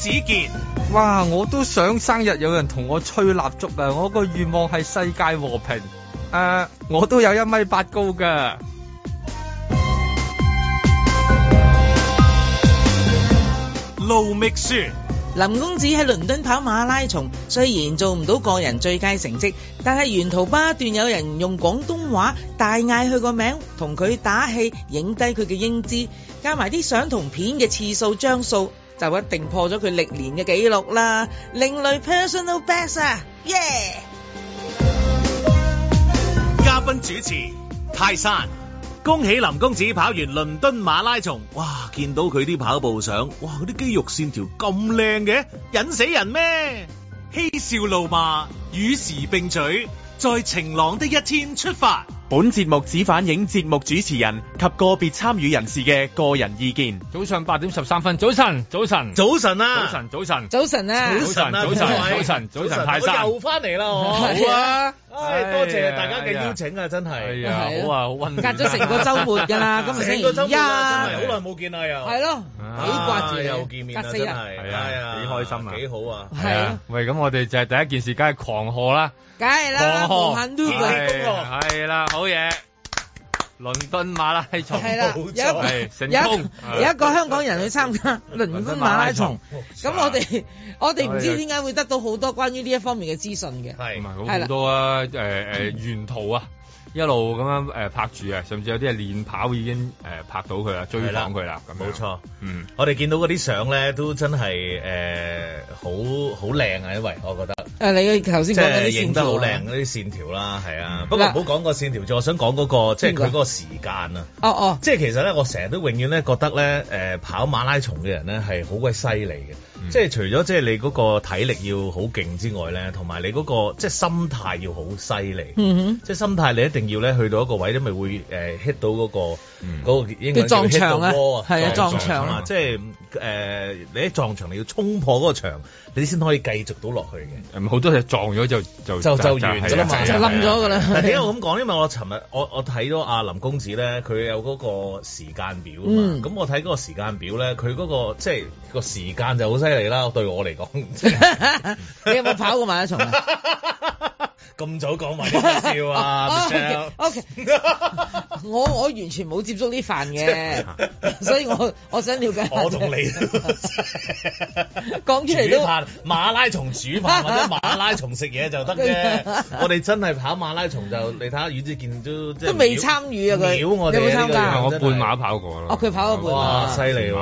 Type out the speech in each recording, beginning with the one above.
子健，哇！我都想生日有人同我吹蠟燭啊！我個願望係世界和平。誒、呃，我都有一米八高噶。盧覓雪，林公子喺倫敦跑馬拉松，雖然做唔到個人最佳成績，但係沿途巴段有人用廣東話大嗌佢個名，同佢打氣，影低佢嘅英姿，加埋啲相同片嘅次數張數。就一定破咗佢歷年嘅紀錄啦！另類 personal best 啊耶！Yeah! 嘉賓主持泰山，恭喜林公子跑完倫敦馬拉松。哇，見到佢啲跑步相，哇，佢啲肌肉線條咁靚嘅，引死人咩？嬉笑怒罵，與時並嘴，在晴朗的一天出發。本節目只反映節目主持人及個別參與人士嘅個人意見。早上八點十三分，早晨，早晨，早晨啊，早晨，早晨，早晨咧，早晨啊，早晨，早晨，早晨，我又翻嚟啦。我好啊，唉，多謝大家嘅邀請啊，真係，係啊，好啊，好啊，隔咗成個周末噶啦，今日先，一個周末真係好耐冇見啦。又係咯，幾掛住，又見面啊，真係，係啊，幾開心啊，幾好啊，係啊，喂，咁我哋就係第一件事，梗係狂賀啦，梗係啦，無限 loop 嘅係啦。好嘢！倫敦馬拉松係啦，有一，有一，有一個香港人去參加倫敦馬拉松，咁我哋我哋唔知點解會得到好多關於呢一方面嘅資訊嘅。係，係啦，好好多啊！誒、呃、誒沿途啊，一路咁樣誒、呃、拍住啊，甚至有啲係練跑已經誒拍到佢啦，追訪佢啦咁。冇錯，嗯，我哋見到啲相咧都真係誒、呃、好好靚啊，因為我覺得。誒、啊，你嘅頭先講嘅，即係影得好靚嗰啲線條啦，係啊、嗯。不過唔好講個線條，就我想講嗰個，即係佢嗰個時間啊。哦哦，即係其實咧，我成日都永遠咧覺得咧，誒、呃，跑馬拉松嘅人咧，係好鬼犀利嘅。嗯、即係除咗即係你嗰個體力要好勁之外咧，同埋你嗰、嗰個即係心態要好犀利。嗯、即係心態你一定要咧去到一個位，因為會誒 hit、呃、到嗰、嗰個嗰、嗯嗰個應該係 hit 係啊撞牆啊！即係誒你一撞牆，你要衝破嗰個牆，你先可以繼續到落去嘅。好、嗯、多嘢撞咗就就就就，就完㗎啦嘛，冧咗㗎啦。點解、就是、我咁講？因為我尋日我我睇到阿林公子咧，佢有嗰個時間表啊嘛。咁、嗯、我睇嗰個時間表咧，佢嗰、嗰個即係、個時間就好犀犀利啦！對我嚟講，你有冇跑過馬拉松啊？ 咁早講埋啲笑啊！O K，我我完全冇接觸啲飯嘅， 所以我我想了解我。 我同你講出嚟都怕馬拉松煮飯或者馬拉松食嘢就得啫。 我哋真係跑馬拉松就， 你睇下，遠志健都即都未參與啊！佢我哋參加、這個？我半馬跑過啦。哦、啊，佢跑咗半馬，哇，犀利喎！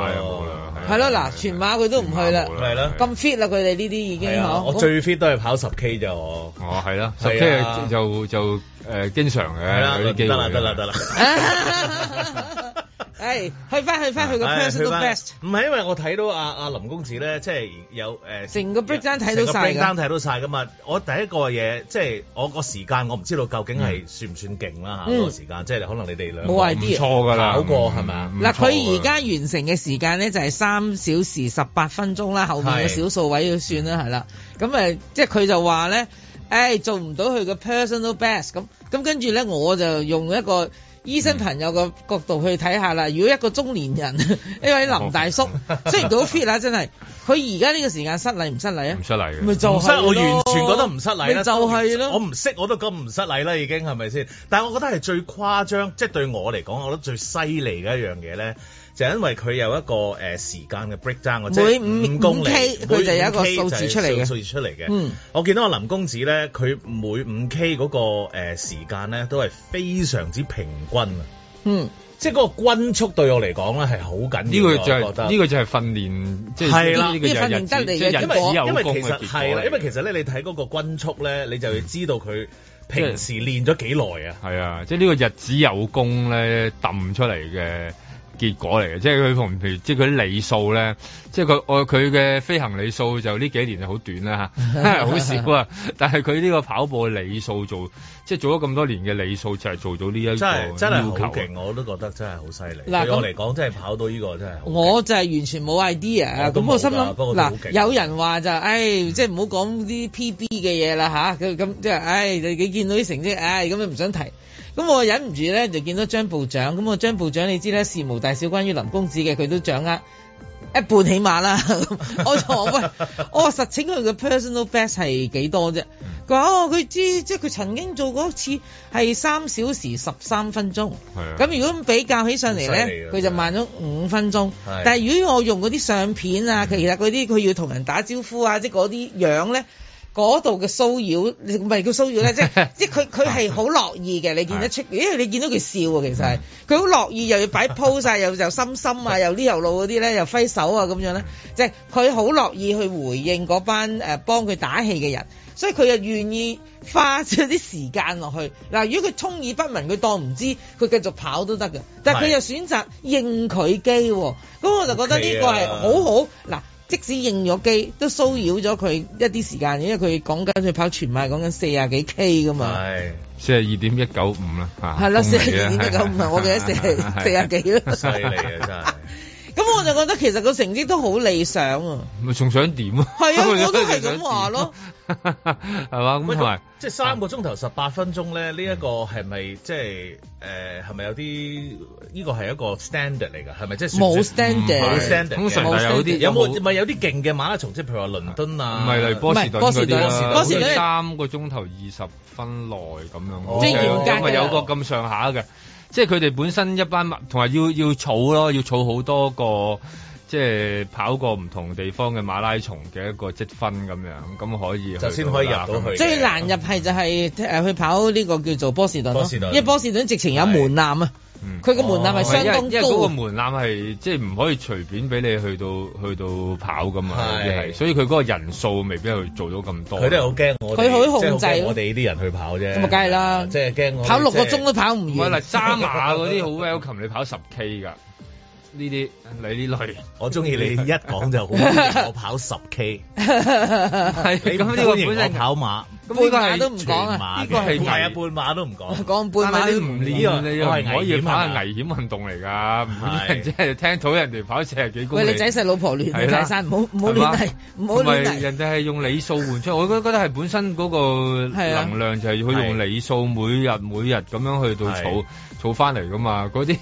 係咯，嗱，全馬佢都唔去啦。係咯，咁 fit 啦，佢哋呢啲已經好、啊。我最 fit 都係跑十 K 咋我。哦、 啊，係啦。係、啊、就就誒、呃、經常嘅有得啦得啦得啦！誒、啊 哎，去翻去翻、啊、去個 best 到 best。唔係因為我睇到阿、啊、阿、啊、林公子咧，即係有誒成、呃、個 breakdown 睇 break 到曬嘅。成個 breakdown 睇到晒㗎嘛。我第一個嘢即係我，個時，我算算、啊嗯那個時間，我唔知道究竟係算唔算勁啦嚇。個時間即係可能你哋兩冇 idea 錯㗎、嗯、啦，好過係咪嗱，佢而家完成嘅時間咧就係、是、三小時十八分鐘啦，後面嘅小數位要算啦，係啦。咁誒、呃，即係佢就話咧。誒、哎、做唔到佢嘅 personal best 咁咁跟住咧，我就用一個醫生朋友嘅角度去睇下啦、嗯。如果一個中年人，嗯、 一位林大叔 雖然都 fit 啦，真係佢而家呢個時間失禮唔失禮啊？唔失禮嘅，咪就失我完全覺得唔失禮啦。就係咯，我唔識我都咁唔失禮啦，已經係咪先？但係我覺得係最誇張，即、就、係、是、對我嚟講，我覺得最犀利嘅一樣嘢咧。就因為佢有一個誒時間嘅 breakdown，即係每五公里佢就有一個數字出嚟嘅。數字出嚟嘅。嗯。我見到阿林公子咧，佢每五 K 嗰個誒時間咧都係非常之平均啊。嗯。即係嗰個均速對我嚟講咧係好緊要。呢、呢個就係、是、呢、呢個就係訓練，即係呢個就係日子，即係、就係、日子有功嘅結果。係啦，因為其實咧，因為其實你睇嗰個均速咧、嗯，你就要知道佢平時練咗幾耐啊。係啊，即係呢個日子有功咧，揼出嚟嘅。結果嚟嘅，即係佢同譬如，即係佢啲理數咧，即係佢佢嘅飛行理數就呢幾年就好短啦吓，好少啊。 但係佢呢個跑步理數做，即係做咗咁多年嘅理數，就係做到呢一個真係真係好勁，我都覺得真係好犀利。對我嚟講，真係跑到呢個真係，我就係完全冇 idea，咁我心諗嗱、啊，有人話就誒、哎，即係唔好講啲 PB 嘅嘢啦吓，咁、啊、咁即係誒、哎，你見到啲成績，誒咁你唔想提。咁我忍唔住咧，就見到張部長。咁我張部長，你知咧事無大小，關於林公子嘅，佢都掌握一半起碼啦。 我話喂，我實實請佢嘅 personal best 係幾多啫？佢、嗯、話哦，佢知即係佢曾經做過一次係三小時十三分鐘。係、啊。咁如果比較起上嚟咧，佢就慢咗五分鐘。啊、但係如果我用嗰啲相片啊、嗯，其實嗰啲佢要同人打招呼啊，即嗰啲樣咧。嗰度嘅騷擾，唔係叫騷擾咧，即係即係佢佢係好樂意嘅， 你見得出， 因為你見到佢笑喎。其實係佢好樂意，又要擺 pose，又 又心心啊，又呢又路嗰啲咧，又揮手啊咁樣咧，即係佢好樂意去回應嗰班誒、啊、幫佢打氣嘅人，所以佢又願意花少啲時間落去。嗱，如果佢充耳不聞，佢當唔知，佢繼續跑都得嘅，但係佢又選擇應佢機喎，咁我就覺得呢個係好好嗱。Okay 啊。即使應咗機，都騷擾咗佢一啲時間，因為佢講緊佢跑全馬，講緊四廿幾 K 噶嘛。係四廿二點一九五啦，嚇。係啦，四廿二點一九五啊，我記得四廿四廿幾啦。犀利啊，真咁我就覺得其實個成績都好理想啊！咪仲想點啊？係啊，我都係咁話咯，係嘛？咁係即係三個鐘頭十八分鐘咧，呢、嗯、一個係咪即係誒係咪有啲呢個係一個 standard 嚟㗎？係咪即係冇 standard，冇 standard 嘅？有啲有冇咪有啲勁嘅馬拉松？即係譬如話倫敦啊，唔係波士頓，波士頓三個鐘頭二十分內咁樣，即係咪有個咁上下嘅。即係佢哋本身一班同埋要要儲咯，要儲好多個即係跑過唔同地方嘅馬拉松嘅一個積分咁樣，咁可以就先可以入到去。最難入係就係、誒嗯、去跑呢個叫做波士頓，波士頓因為波士頓直情有門檻啊。佢、哦、個門檻係相當高，因為因為嗰個門檻係即係唔可以隨便俾你去到去到跑噶嘛，啲係，所以佢嗰個人數未必去做到咁多。佢都係好驚我，佢好控制我哋呢啲人去跑啫、嗯。咁啊，梗係啦，即係驚我跑六個鐘、就是、都跑唔完。嗱，三馬嗰啲好 welcome，你跑十 K 㗎。呢啲你呢類,類，我中意你一講就好我跑十 K，係咁呢個本身跑馬，咁每、這個人都唔講啊，呢個係係啊半馬都唔講，講半馬你唔呢、這個你唔可以跑啊危險運動嚟噶，即係聽到人哋跑四十幾公里，喂你仔細老婆亂嚟大唔好好亂唔好，人哋係用里數換出，我覺覺得係本身嗰個能量就係佢用里數每日每日咁樣去到儲儲翻嚟噶嘛，嗰啲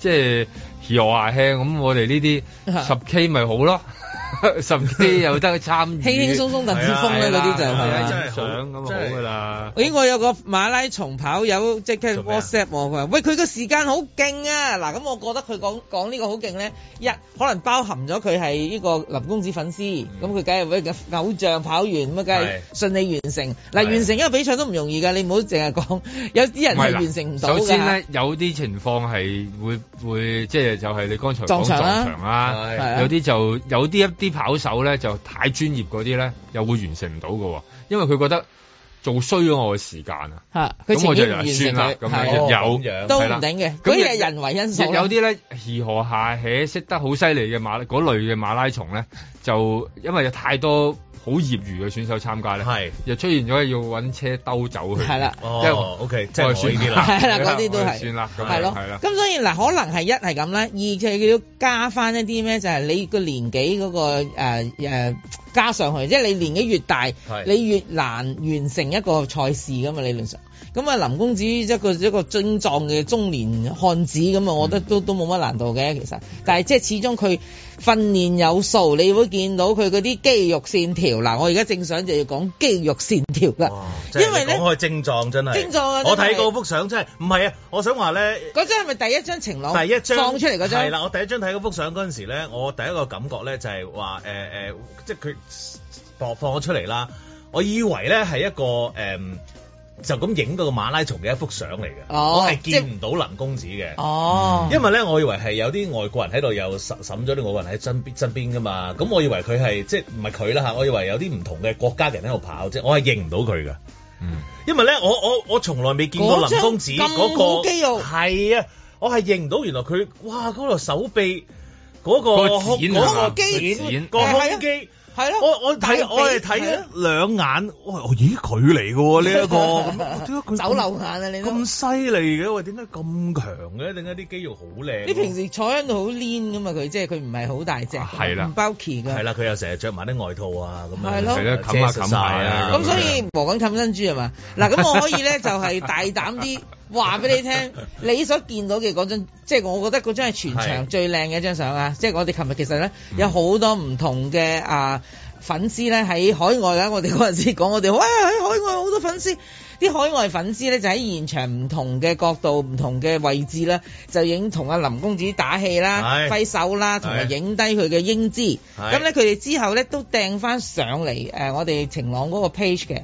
即係。企我阿兄咁，我哋呢啲十 K 咪好咯。甚至有得參與，輕輕鬆鬆登巔峯咧，嗰啲就係想咁就好噶啦。咦，我有個馬拉松跑友，即係 WhatsApp，佢話：喂，佢個時間好勁啊！嗱，咁我覺得佢講講呢個好勁咧，一可能包含咗佢係呢個林公子粉絲，咁佢梗係會嘅偶像跑完咁啊，梗係順利完成。嗱，完成一個比賽都唔容易㗎，你唔好淨係講有啲人係完成唔到嘅。首先咧，有啲情況係會會即係就係你剛才講撞牆啦，有啲就有啲一啲。啲跑手咧就太專業，嗰啲咧，又會完成唔到嘅，因為佢覺得。做衰咗我嘅時間啊！嚇，咁我就又算啦，咁、啊、樣、哦、有都唔頂嘅，嗰啲係人為因素咧。嗯、日日有啲咧，如何下且識得好犀利嘅馬嗰類嘅馬拉松咧，就因為有太多好業餘嘅選手參加咧，又出現咗要搵車兜走去。係啦，OK 即係算啲啦，係嗰啲都係算啦，咯，啦。咁所以嗱、okay, okay,，可能係一係咁咧，二就要加翻一啲咩，就係、是、你個年紀嗰、那個、呃、加上去，即、就、係、是、你年紀越大，你越難完成。一個賽事噶嘛，理論上，咁啊林公子一個一個精壯嘅中年漢子咁啊，我覺得都都冇乜難度嘅其實，但係即係始終佢訓練有素，你會見到佢嗰啲肌肉線條嗱，我而家正想就要講肌肉線條啦，哇是因為咧講佢精壯真係精壯啊！我睇嗰幅相真係唔係啊！我想話咧，嗰張係咪第一張情郎？第一張放出嚟，嗰張係啦，我第一張睇嗰幅相嗰陣時咧，我第一個感覺咧就係話誒誒，即係佢播放咗出嚟啦。我以為咧係一個誒，就咁影到個馬拉松嘅一幅相嚟嘅，我係見唔到林公子嘅。哦，因為咧，我以為係有啲外國人喺度，又審審咗啲外國人喺身邊身邊噶嘛。咁我以為佢係即係唔係佢啦嚇？我以為有啲唔同嘅國家人喺度跑即。我係認唔到佢噶。嗯，因為咧，我我我從來未見過林公子嗰個肌肉係啊！我係認唔到，原來佢哇嗰個手臂嗰個嗰個肌肉嗰個肌肉。係咯，我我睇我係睇兩眼，我咦，佢嚟嘅呢一個咁，點解走漏眼啊？你咁犀利嘅，點解咁強嘅？點解啲肌肉好靚？你平時坐喺度好攣噶嘛？佢即係佢唔係好大隻，唔 bulky 噶，係啦，佢又成日着埋啲外套啊，咁樣係咯，冚下冚晒啊。咁所以磨緊冚身豬係嘛？嗱，咁我可以咧就係大膽啲。話 俾你聽，你所見到嘅嗰張，即、就、係、是、我覺得嗰張係全場最靚嘅一張相啊！即係、就是、我哋琴日其實咧、嗯、有好多唔同嘅啊、呃、粉絲咧喺海外啊。我哋嗰陣時講，我哋哇喺海外好多粉絲，啲海外粉絲咧就喺現場唔同嘅角度、唔同嘅位置啦，就影同阿林公子打氣啦、揮手啦，同埋影低佢嘅英姿。咁咧，佢哋之後咧都掟翻上嚟誒、呃，我哋晴朗嗰個 page 嘅咁、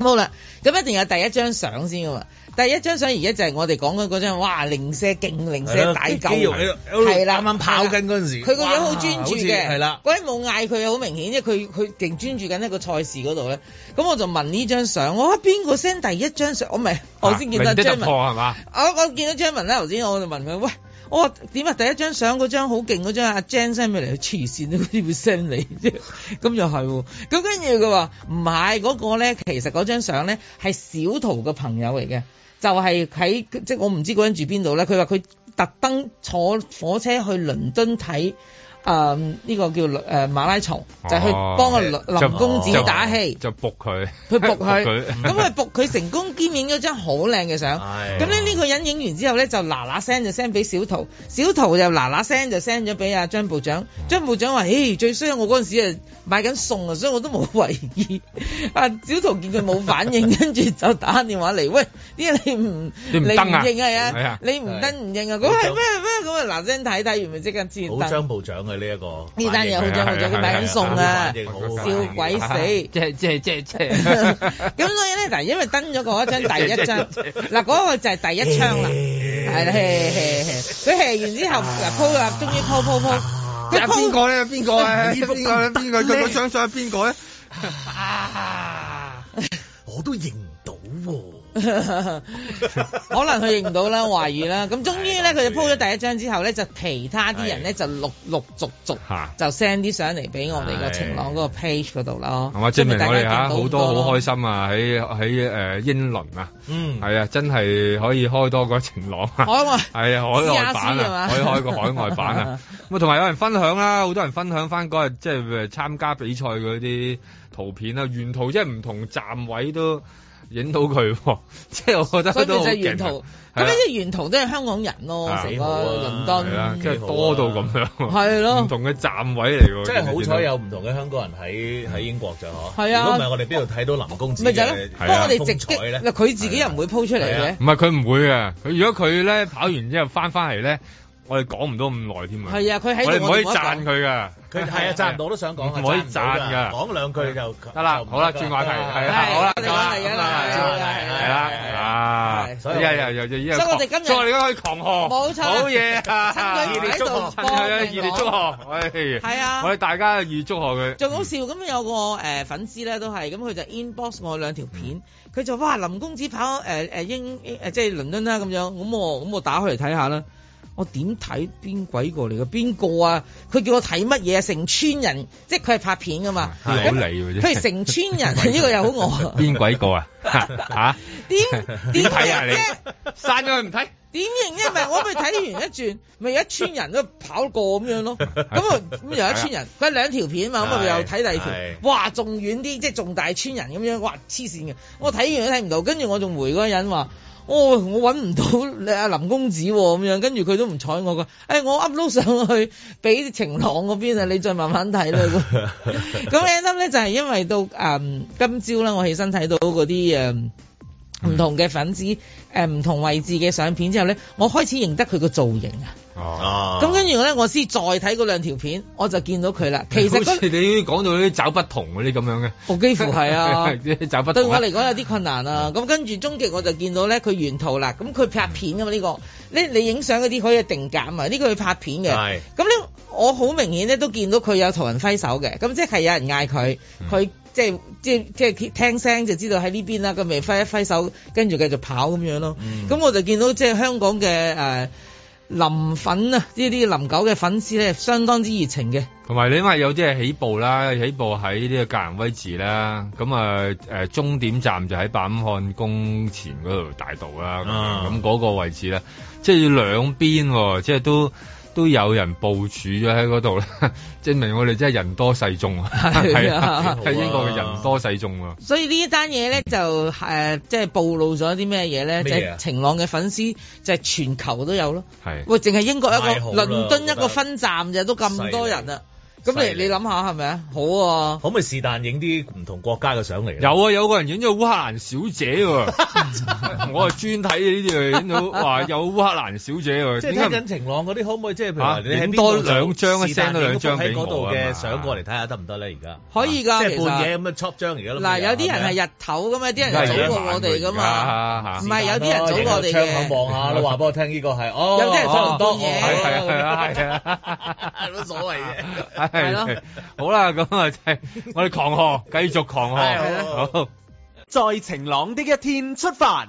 嗯、好啦。咁一定有第一張相先㗎嘛。第一張相而家就係我哋講緊嗰張，哇！零舍勁零舍大嚿，係啦，啱啱跑緊嗰陣時，佢個樣好專注嘅，鬼冇嗌佢啊！好明顯，即係佢佢勁專注緊喺個賽事嗰度咧。咁我就問呢張相，我話邊個 send 第一張相？我咪、啊啊、我先見到張文，我我見到張文咧，頭先我就問佢，喂，我點啊？第一張相嗰張好勁嗰張阿 Jan send 咪嚟佢黐線啊？點會 send 你啫？咁又係，咁跟住佢話唔係嗰個咧，其實嗰張相咧係小圖嘅朋友嚟嘅。就係、是、喺即係，我唔知嗰人住邊度咧，佢話佢特登坐火車去倫敦睇。誒、嗯、呢、這個叫誒馬拉松，就是、去幫個林公子打氣、哦，就仆佢，去仆佢，咁啊仆佢成功兼，兼影咗張好靚嘅相。咁咧呢個人影完之後咧，就嗱嗱聲就 send 俾小桃，小桃又嗱嗱聲就 send 咗俾阿張部長。張部長話：，誒、欸，最衰我嗰陣時誒買緊餸啊，所以我都冇懷疑。啊小桃見佢冇反應，跟住就打電話嚟：，喂，點解你唔你唔認啊？你唔登唔認啊？咁係咩咩？咁啊嗱聲睇睇完，咪即刻知。張部長呢一、這個呢單嘢好咗好咗，佢派人送啊，笑鬼死、啊！即係即係即係即係咁，所以咧就係因為登咗個嗰張第一張，嗱、那、嗰個就係第一槍啦，係啦，he 佢 h 完之後 po 啊，啊，終於 po po po，佢 po 邊個咧？邊個咧？邊個？邊、啊、個？邊個？邊個？邊個咧？我都認唔到喎、哦。 可能佢認唔到啦，懷疑啦。咁終於咧，佢就 po 咗第一張之後咧，就其他啲人咧就陸陸續續就 send 啲相嚟俾我哋個晴朗嗰個 page 嗰度咯。係嘛，證明我哋啊好多好開心啊！喺喺誒英倫啊，嗯，係啊，真係可以開多個晴朗啊，係啊，海外版啊，可以開個海外版啊。咁同埋有人分享啦，好多人分享翻嗰日即係參加比賽嗰啲圖片啊，沿途即係唔同站位都。影到佢、哦，即係我覺得都。佢哋就沿途，咁樣啲沿途都係香港人咯，係啊，倫敦、啊啊、即係多到咁樣。係咯、啊，唔、啊、同嘅站位嚟喎、啊，即係好彩有唔同嘅香港人喺喺、啊、英國就嗬。係啊，如果唔係我哋邊度睇到林公子嘅、啊啊啊啊啊？不過我哋直擊，佢自己又唔會 po 出嚟嘅。唔係佢唔會嘅，佢如果佢咧跑完之後翻翻嚟咧。我哋講唔到咁耐添啊！係啊，佢喺我哋唔可以讚佢㗎。佢係啊讚唔到我都想講，唔可以讚㗎。講兩句就得啦。好啦，轉話題係啦，好啦，講、欸啊啊、啦，係啦，係啦，係所以又又又又又，所以我哋、啊啊啊啊、今日再狂賀，冇錯，好嘢啊！熱烈祝賀，熱烈祝賀，係啊，我哋大家熱祝賀佢。仲好笑咁有個誒粉絲咧，都係咁佢就 inbox 我兩條片，佢就哇林公子跑誒誒英誒即係倫敦啦咁樣，咁我咁我打開嚟睇下啦。我點睇邊鬼過嚟㗎？邊個啊？佢叫我睇乜嘢啊？成村人，即係佢係拍片噶嘛？咁好理佢，不成村人呢、呢個又好惡。邊鬼個啊？吓、啊？ 點點睇啊？你散咗佢唔睇？點型呢？咪我咪睇完一轉，咪一村人都跑過咁樣咯。咁啊咁又一村人，佢兩條片啊嘛，咁 啊又睇第二條。哇， 仲遠啲，即係仲大村人咁樣，哇黐線嘅。我睇完都睇唔到，跟住我仲回嗰個人話。哦，我揾唔到你阿林公子咁、哦、樣，跟住佢都唔睬我嘅。哎，我 upload 上去俾晴朗嗰邊啊，你再慢慢睇啦。咁 end up 咧就係、是、因為到誒、嗯、今朝咧，我起身睇到嗰啲誒唔同嘅粉絲。誒、呃、唔同位置嘅相片之後咧，我開始認得佢個造型啊！哦，咁跟住咧，我先再睇嗰兩條片，我就見到佢啦。其實嗰、那個、你講到啲找不同嗰啲咁樣嘅，我幾乎係啊，找 不同。對我嚟講有啲困難啊！咁、嗯、跟住終極我就見到咧，佢原圖啦，咁佢拍片㗎嘛呢、嗯這個？你你影相嗰啲可以定格嘛？呢、這個佢拍片嘅，咁咧我好明顯咧都見到佢有同人揮手嘅，咁即係有人嗌佢，佢、嗯。即係即係即係聽聲就知道喺呢邊啦，咁咪揮一揮手，跟住繼續跑咁樣咯。咁、嗯、我就見到即係香港嘅誒、呃、林粉啊，呢啲林狗嘅粉絲咧，相當之熱情嘅。同埋你話有啲係起步啦，起步喺呢個格蘭威治啦，咁啊誒終點站就喺白金漢宮前嗰度大道啦，咁、嗯、嗰個位置咧，即係要兩邊即係都。都有人部署咗喺嗰度啦，證明我哋真係人多勢眾，係啊，喺 英國嘅人多勢眾啊。所以呢一單嘢咧就誒，即係暴露咗啲咩嘢咧？即係晴朗嘅粉絲，即係全球都有咯。係，喂，淨係英國一個倫敦一個分站就都咁多人啦。咁你你諗下係咪啊？好啊，可唔可以是但影啲唔同國家嘅相嚟？有啊，有個人影咗烏克蘭小姐喎。 我係專睇呢啲嚟，影到話有烏克蘭小姐喎。即係聽緊晴朗嗰啲，可唔可以即係譬如你影多兩張一 s e n d 兩張俾我嘅相過嚟睇下得唔得咧？而家可以㗎、啊，即係半夜咁啊，撮張而家。嗱，有啲人係日頭咁啊，啲人早過我哋㗎嘛。唔係有啲人早過我哋，我望下啦，話俾我聽，呢個係哦哦。係啊係啊係啊，冇、啊啊啊啊、所謂嘅。啊係咯， 好啦，咁啊，即係我哋狂賀，繼續狂賀， 好，在 晴朗的一天出發。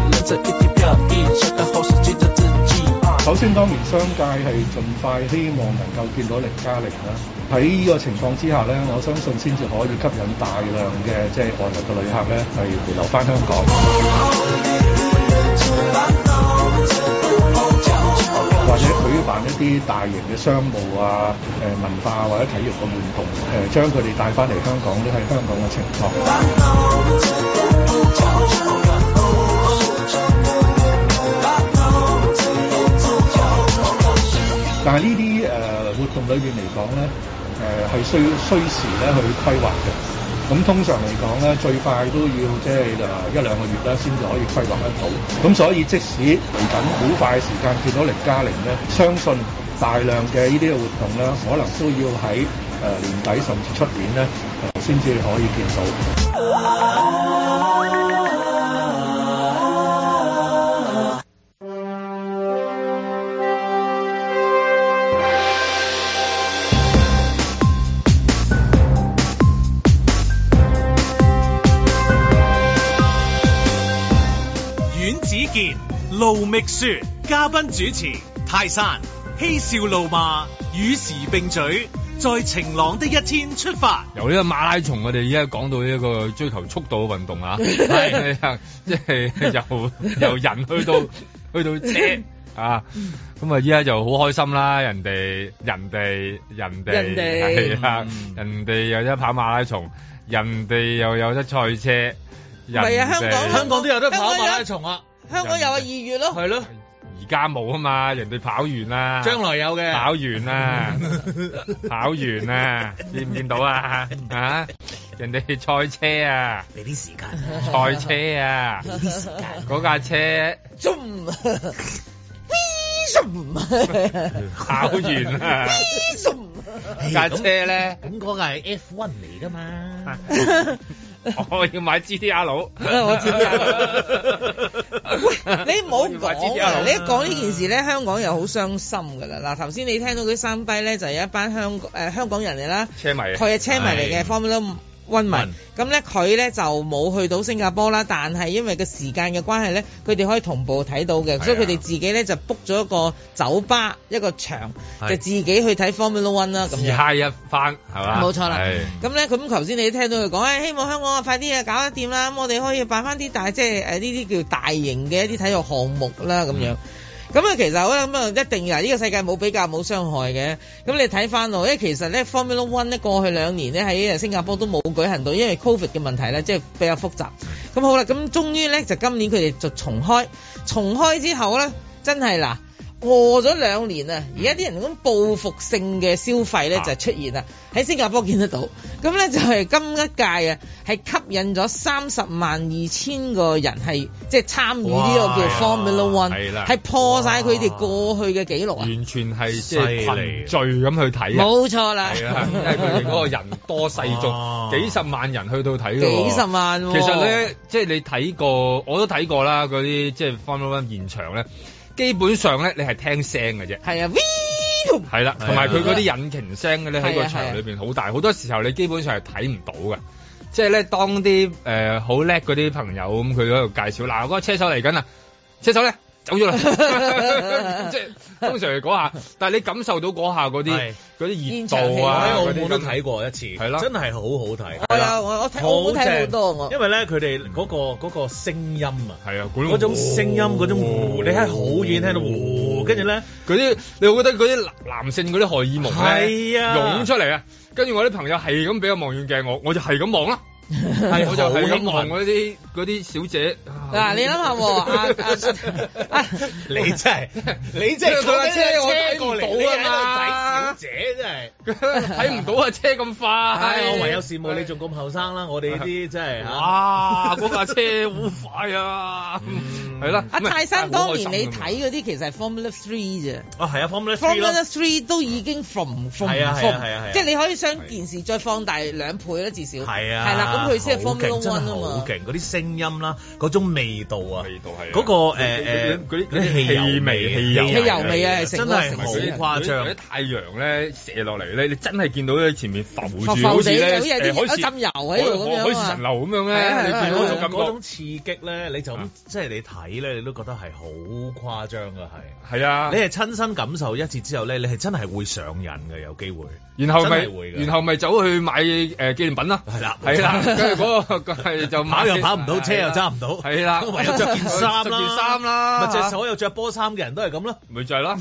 這一片片到記自己啊、首先，當年商界係盡快希望能夠見到零加零啦。喺呢個情況之下咧，我相信先至可以吸引大量嘅即係外來嘅旅客咧，係回流翻香港。或者舉辦一啲大型嘅商務啊、誒文化或者體育嘅活動，誒將佢哋帶翻嚟香港，都係香港嘅情況。但係呢啲誒活動裏邊嚟講咧，誒係需需時咧去規劃嘅。咁通常嚟講咧，最快都要即係誒一兩個月啦，先至可以規劃得到。咁所以即使嚟緊好快嘅時間見到零加零咧，相信大量嘅呢啲活動咧，可能都要喺誒年底甚至出年咧先至可以見到。路覓說，嘉賓主持泰山嬉笑怒罵，與時並舉，在晴朗的一天出發。由呢個馬拉松，我哋而家講到呢一個追求速度嘅運動啊，係即係由由人去到 去到車啊，咁啊，而家就好開心啦！人哋人哋人哋係啊，人哋、嗯、又有得跑馬拉松，人哋又有得賽車，唔係啊，香港香港，有香港，香港也有都有得跑馬拉松啊！香港又係二月咯，係咯。而家冇啊嘛，人哋跑完啦。將來有嘅。跑完啦， 跑完啦，見唔見到啊？ 啊，人哋賽車啊，俾啲時間、啊。賽車啊，嗰、啊、架車 跑完啦了，zoom，、啊、 架車咧，應 係 F1 嚟噶嘛。 我要買 GTR 佬 道，我 GTR。喂，你唔好講，你一講呢件事咧、 呃，香港又好傷心㗎喇。嗱，頭先你聽到嗰啲心扉咧，就係一班香誒香港人嚟啦，車迷，佢係車迷嚟嘅，方邊都。溫文咁咧，佢咧就冇去到新加坡啦，但係因為個時間嘅關係咧，佢哋可以同步睇到嘅，所以佢哋自己咧就 book 咗一個酒吧一個場，就自己去睇 Formula One 啦，咁樣 high 一翻，係嘛？冇錯啦。咁咧，咁頭先你聽到佢講，誒、哎、希望香港啊快啲啊搞得掂啦，咁我哋可以辦翻啲大，即係誒呢啲叫大型嘅一啲體育項目啦咁樣。嗯咁啊，其實我咁啊，一定啊，呢個世界冇比較冇傷害嘅。咁你睇翻我，因為其實咧 Formula One 咧過去兩年咧喺新加坡都冇舉行到，因為 Covid 嘅問題咧，即係比較複雜。咁好啦，咁終於咧就今年佢哋就重開。重開之後咧，真係嗱。過咗兩年啊，而家啲人咁報復性嘅消費咧就出現啦，喺新加坡見得到。咁咧就係今一屆 302, One, 啊，係吸引咗三十萬二千個人係即係參與呢個叫 Formula One，係啦，係破晒佢哋過去嘅紀錄啊！完全係即係群聚咁去睇，冇錯啦，係啊，係佢哋嗰個人多勢眾，幾十萬人去到睇㗎喎，幾十萬哦。其實咧，即係你睇過我都睇過啦，嗰啲即係 Formula One 現場咧。基本上咧，你係聽聲嘅啫。係啊，係啦，同埋佢嗰啲引擎聲嘅咧，喺個場裏邊好大，好、啊啊、多時候你基本上係睇唔到嘅。即係咧，當啲誒好叻嗰啲朋友咁，佢喺度介紹嗱，嗰個車手嚟緊啊，車手咧。走咗啦！即係通常嚟講下，但係你感受到嗰下嗰啲嗰啲熱度啊，因為我哋都睇過一次，係真係好好睇。係啊，我我好好多因為咧，佢哋嗰個嗰、嗰個聲音啊，係啊，嗰種聲音，嗰種、哦、你喺好遠聽到，跟住咧，啲、哦、你會覺得嗰啲男性嗰啲荷爾蒙咧湧出嚟啊！跟住我啲朋友係咁俾個望遠鏡我，我就係咁望啦。係， 我就好希望嗰啲啲小姐。嗱、啊，你諗下、啊，阿、啊啊啊、你真係、啊、你真係佢架車我睇唔到啊嘛！小姐真係睇唔到啊，啊車咁快、哎。我唯有羨慕你仲咁後生啦，我哋呢啲真係。哇、啊，架、啊那個、車好快啊！係、嗯、啦，阿泰山當年你睇嗰啲其實係 Formula Three 啫。啊，係啊，Formula Three 都已經 from from from，即係你可以想件事再放大兩倍啦，至少。係啊。係啦。佢先係 Formula One 啊嘛，好勁！嗰啲聲音啦，嗰種味道啊，味道係啊，嗰個誒誒嗰啲嗰啲氣油味，氣油氣油味啊，真係好誇張！啲太陽咧射落嚟咧，你真係見到喺前面浮住，好似咧誒一樽油喺度咁樣啊，好似神流咁樣咧，你見到嗰種嗰種刺激咧，你就即係你睇咧，你都覺得係好誇張㗎，係係啊！你係親身感受一次之後咧，你係真係會上癮㗎，有機會。然後咪然後咪走去買誒紀念品啦，係啦係啦。跟住嗰係就跑又跑唔到， 車又揸唔到，係啦，唯有着件衫啦，件、啊、衫啦，咪即係所有着波衫嘅人都係咁咯，咪就係咯，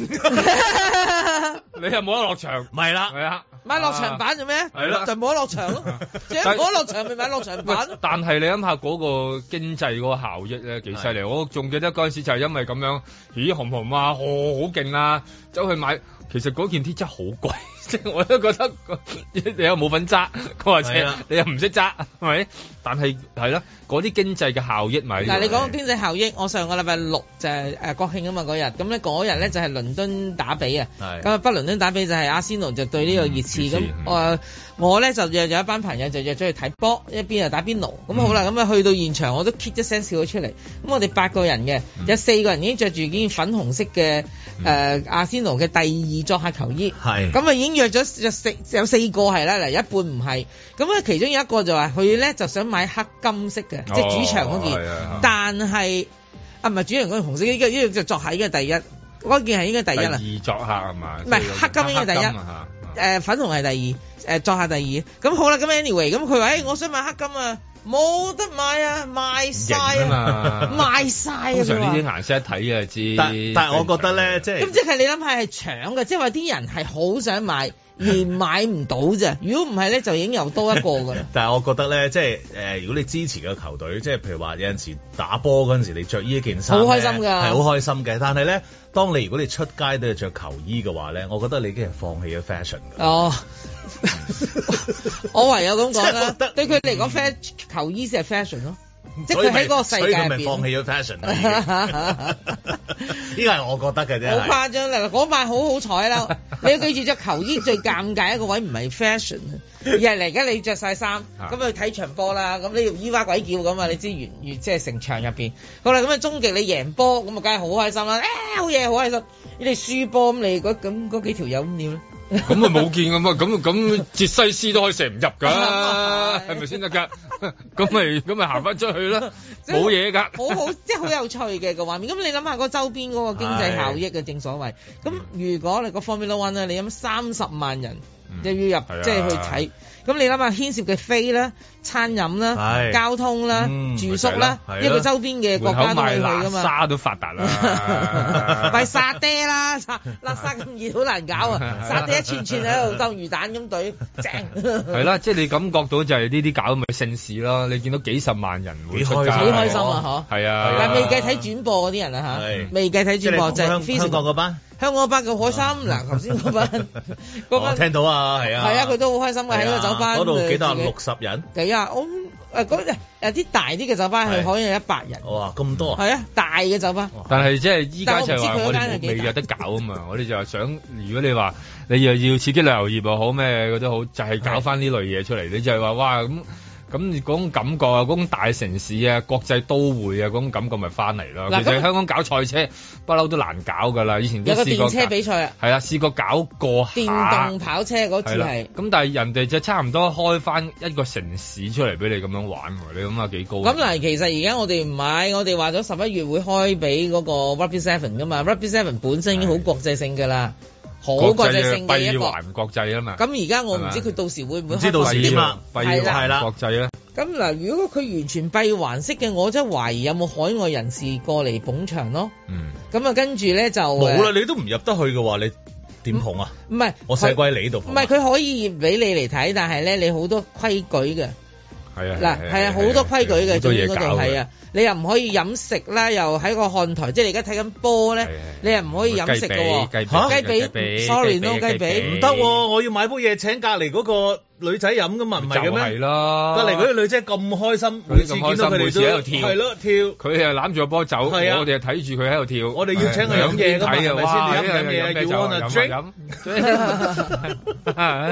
你又冇得落場，唔係啦，係啊。買落場版做咩？就冇得落場咯，就冇得落場咪買落場版。但係你諗下嗰個經濟嗰個效益咧，幾犀利！我仲記得嗰陣時就係因為咁樣，咦紅紅啊，好勁啊，走去買。其實嗰件 T 恤好貴，即係我都覺得你又冇份揸，我話你，你又唔識揸，係咪？但係係咯，嗰啲經濟嘅效益咪。嗱，你講個經濟效益，我上個禮拜六就係誒國慶啊嘛嗰日，咁咧嗰日咧就係倫敦打比啊，咁啊北倫敦打比就係阿仙奴就對呢個熱刺。.咁、嗯、我咧就約咗一班朋友，就約咗去睇波，一邊又打邊爐。咁好啦，咁、嗯、啊去到現場，我都 keep 一聲笑咗出嚟。咁我哋八個人嘅、嗯，有四個人已經着住一件粉紅色嘅誒阿仙奴嘅第二作客球衣。咁啊已經約咗四有四個係啦，嚟一半唔係。咁啊其中有一個就話佢咧就想買黑金色嘅、哦，即係主場嗰件。哦、但係、哦、啊唔係主場嗰件紅色呢個呢個就作客應該第一，嗰件係應該第一啦。第二作客係嘛？唔係黑金應該第一。誒、呃，粉紅係第二，誒、呃，再下第二，咁好啦，咁 anyway，咁佢話，我想買黑金啊，冇得買啊，賣晒啊，賣晒啊。呢啲顏色一睇啊知但。但但係我覺得咧，即係。咁即係你諗下係搶嘅，即係話啲人係好想買。而買唔到啫，如果唔係咧，就已經又多一個噶啦。 但係我覺得咧，即係誒，如果你支持個球隊，即係譬如話有陣時打波嗰陣時，你着呢一件衫好開心㗎！係好開心嘅。但係咧，當你如果你出街都要着球衣嘅話咧，我覺得你已經係放棄咗 fashion 㗎。哦， 我唯有咁講啦， 對佢嚟講，fashion 球衣先係 fashion 咯。即係喺嗰個世界，所以咪放棄咗 fashion。呢個係我覺得嘅啫，好誇張。嗱嗰晚好好彩啦！ 你要記住着球衣最尷尬一個位唔係 fashion，而係嚟緊你着晒衫，咁你睇場波啦。咁你又咿哇鬼叫咁啊！你知越越即係成場入邊，好啦咁啊，樣終極你贏波咁啊，梗係好開心啦！啊，好嘢，好開心！你哋輸波咁你嗰咁嗰幾條友點咧？咁咪冇見㗎嘛？咁咁哲西斯都可以射唔入㗎、啊，係咪先得㗎？咁咪咁咪行翻出去啦，冇嘢㗎。好，好，即係好有趣嘅個畫面。咁你諗下個周邊嗰個經濟效益嘅，正所謂。咁如果你個 Formula One 咧，你諗三十萬人係要入，即、嗯、係、即係、去睇。咁你諗下牽涉嘅飛啦，餐飲啦，交通啦，住宿啦，一個周邊嘅國家都未去㗎嘛。沙都發達啦，咪殺爹啦，垃圾咁易好難搞啊！殺爹一串串喺度當魚蛋咁對正。係啦，即係你感覺到就係呢啲搞咪盛事咯。你見到幾十萬人會出街，幾開心啊！嗬，係啊，但係未計睇轉播嗰啲人啊嚇，未計睇轉播就。香港嗰班。香港嗰班咁開心嗱，頭先嗰班嗰班聽到啊，係啊，係啊，佢都好開心嘅喺度。嗰度幾多六十、呃、人？幾啊？我誒嗰啲誒啲大啲嘅酒吧係可以有一百人。哇！咁多啊？係啊，大嘅酒吧。但係即係依家就係話我哋未有得搞啊嘛！ 我哋就係想，如果你話你又要刺激旅遊業又好咩嗰啲好，就係、是、搞翻呢類嘢出嚟。你就係話哇咁。咁你嗰種感覺啊，嗰種大城市啊、國際都會啊嗰種感覺咪翻嚟咯。其實香港搞賽車不嬲都難搞㗎啦，以前都試過。有個電車比賽啊，係啊，試過搞過下啦。電動跑車嗰次係。咁但係人哋就差唔多開翻一個城市出嚟俾你咁樣玩喎，你諗下幾高。咁嗱，其實而家我哋唔買，我哋話咗十一月會開俾嗰個 Rugby Sevens 㗎嘛，Rugby Sevens 本身已經好國際性㗎啦。國際嘅閉環國際啊嘛，咁而家我唔知佢到時會唔會開啲，係啦，係啦，閉環國際咧。咁嗱，如果佢完全閉環式嘅，我真係懷疑有冇海外人士過嚟捧場咯。嗯。咁啊，跟住咧就冇啦，你都唔入得去嘅話，你點捧啊？唔係，我世貴你度、啊。唔係，佢可以俾你嚟睇，但係咧，你好多規矩嘅。係啊，嗱係啊，好、啊啊啊啊、多規矩嘅，總之嗰度係啊，你又唔可以飲食啦、啊，又喺個看台，啊、即係你而家睇緊波咧，你又唔可以飲食嘅喎，雞髀、啊、sorry no，雞髀，唔得、啊，我要買杯嘢請隔籬嗰個。女仔飲噶嘛，唔係嘅咩？就係咯。隔離嗰啲女仔咁開心，每次見到佢度跳。係咯跳，跳。佢係攬住個波走，我哋係睇住佢喺度跳。我哋要請佢飲嘢噶嘛，咪先飲飲嘢，叫啊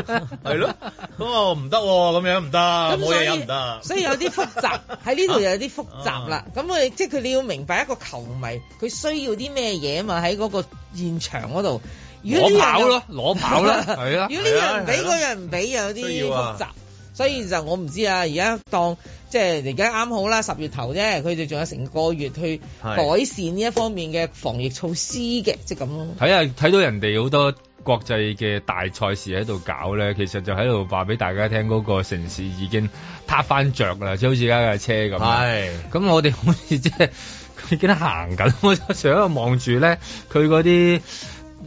drink 係咯，咁我唔得喎，咁樣唔得，我嘢飲唔得。 所，以 所以有啲複雜喺呢度，又有啲複雜啦。咁我哋即係佢你要明白一個球迷佢需要啲咩嘢啊嘛，喺嗰個現場嗰度。如果跑咯，攞跑啦！係啦，如果呢人唔俾嗰人唔俾有啲複雜。所以就我唔知啊。現在正正正而家當即係而家啱好啦，十月頭啫，佢哋仲有成個月去改善呢一方面嘅防疫措施嘅，即係咁咯。睇下睇到人哋好多國際嘅大賽事喺度搞咧，其實就喺度話俾大家聽，嗰個城市已經塌翻、就是、著啦，即係好似而家架車咁。係咁，我哋好似即係佢見得行緊，我喺度望住咧佢嗰啲。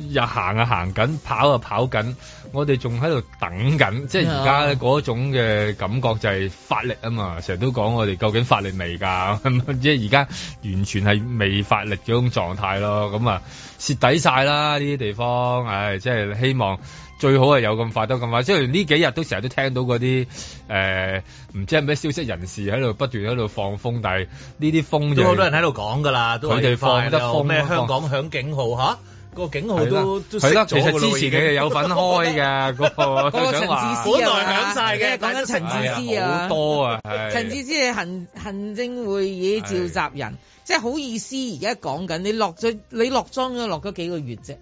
又行啊行緊，跑啊跑緊，我哋仲喺度等緊，即係而家嗰種嘅感覺就係發力啊嘛！成日都講我哋究竟發力未㗎？即係而家完全係未發力嘅一種狀態咯。咁啊，蝕底曬啦！呢啲地方，唉、哎，即係希望最好係有咁快得咁快。即係呢幾日都成日都聽到嗰啲誒唔知係咩消息人士喺度不斷喺度放風，但係呢啲風、就係、都好多人喺度講㗎啦。佢哋放得風咩？香港響警號吓？個警號都佢得，其實支持佢係有份開㗎。 個個陳智思啊，本來響曬嘅。講緊陳智思啊，好多啊，係陳智思係行行政會議召集人，即係好意思而家講緊你落咗你落莊咗，落咗幾個月啫，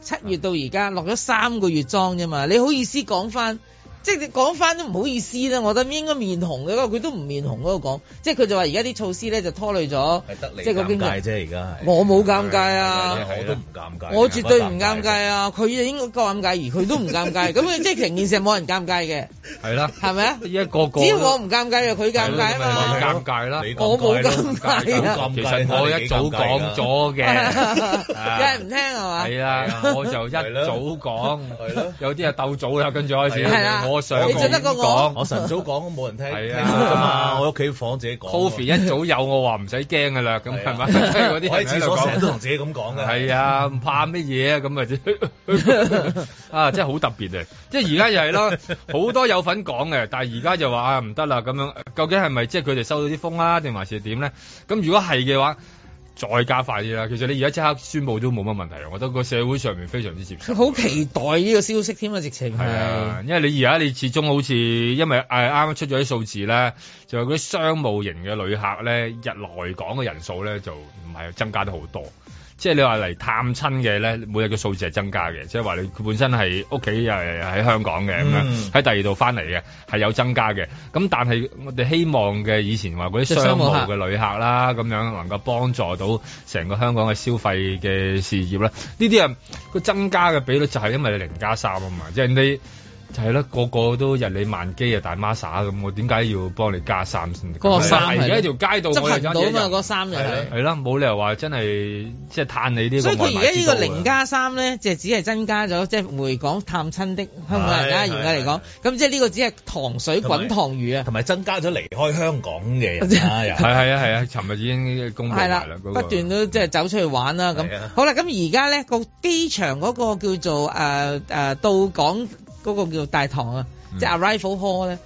七月到而家落咗三個月莊啫嘛，你好意思講返？即係你講翻都唔好意思啦，我覺得應該面紅嘅，不過佢都唔面紅嗰個講，即係佢就話而家啲措施咧就拖累咗，即係尷尬啫。而家係我冇尷尬啊，我都唔尷尬，、啊、尬，我絕對唔尷尬啊。佢就、啊、應該夠尷尬而佢都唔尷尬，咁即係成件事冇人尷尬嘅。係 啦，係咪啊？一個個只要我唔尷尬，尷尬嘛就佢尷尬啦，尷尬啦，我冇尷尬啦。其實我一早講咗嘅，梗係唔聽係嘛？係 啊 是的， 我就一早講， 有啲係鬥早啦，跟住開始，我。你得個我，我晨早講冇人聽，係啊，的我屋企房自己講。 Covid 一早有，我話唔使驚嘅啦，咁係咪？啲、啊、 廁所成日都同自己咁講嘅。係 啊，唔怕乜嘢 啊，咁咪啊，即係好特別啊！即係而家又係咯，好多有份講嘅，但係而家就話啊唔得啦咁樣。不究竟係咪即係佢哋收到啲風啦、啊，定還是點咧？咁如果係嘅話，再加快啲啦！其實你而家即刻宣佈都冇乜問題，我覺得個社會上面非常之接受。佢好期待呢個消息添啊！直情係啊，因為你而家你始終好似因為誒啱啱出咗啲數字咧，就係嗰啲商務型嘅旅客咧，日來港嘅人數咧就唔係增加得好多。即係你話嚟探親嘅咧，每日嘅數字係增加嘅。即係話你佢本身係屋企係喺香港嘅咁樣，喺第二度翻嚟嘅係有增加嘅。咁但係我哋希望嘅以前話嗰啲商務嘅旅客啦，咁、就是、樣能夠幫助到成個香港嘅消費嘅事業咧。呢啲人個增加嘅比率就係因為你零加三啊嘛，即係你。就係咯，個個都日理萬機啊，大媽耍咁，我點解要幫你加三先？嗰個三而家條街度執勤到嘛？嗰、那個三嚟嘅係咯，冇理由話真係即係嘆你啲。所以佢而家呢個零加三呢，即係只係增加咗即係回港探親的香港人啦。而家嚟講，咁即係呢個只係糖水滾糖魚啊，同埋增加咗離開香港嘅人係係啊係啊！尋日 已經公開埋啦，那個、不斷都即係走出去玩啦。咁好啦，咁而家呢個機場嗰個叫做誒誒、啊啊、到港。嗰、嗰個叫大堂啊、嗯，即係 arrival hall 咧，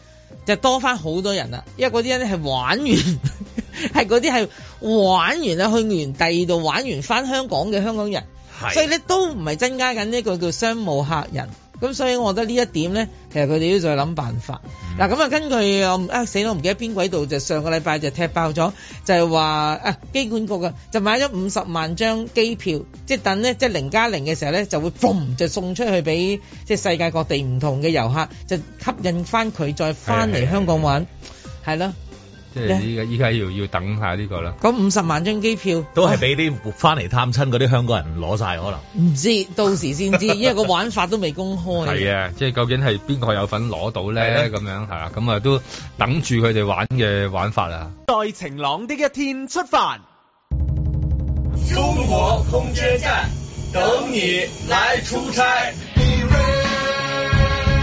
就多翻好多人啦，因為嗰啲人咧係玩完，係嗰啲係玩完啦，去完第二度玩完翻香港嘅香港人，所以咧都唔係增加緊呢個叫商務客人。咁所以，我覺得呢一點咧，其實佢哋都在諗辦法。嗱、嗯，咁啊，根據啊我啊死都唔記得邊鬼度，就是、上個禮拜就踢爆咗，就係、是、話啊，機管局啊，就買咗五十萬張機票，即、就是、等咧，即係零加零嘅時候咧，就會嘣就送出去俾即係世界各地唔同嘅遊客，就吸引翻佢再翻嚟香港玩，係咯。即係依家依家要要等下呢個啦。咁五十萬張機票都係俾啲翻嚟探親嗰啲香港人攞晒，可能唔知，到時先知， 因為個玩法都未公開。係啊，即係究竟係邊個有份攞到咧？咁樣係啊，咁啊都等住佢哋玩嘅玩法啊。在晴朗的一天出發，中國空間站等你來出差。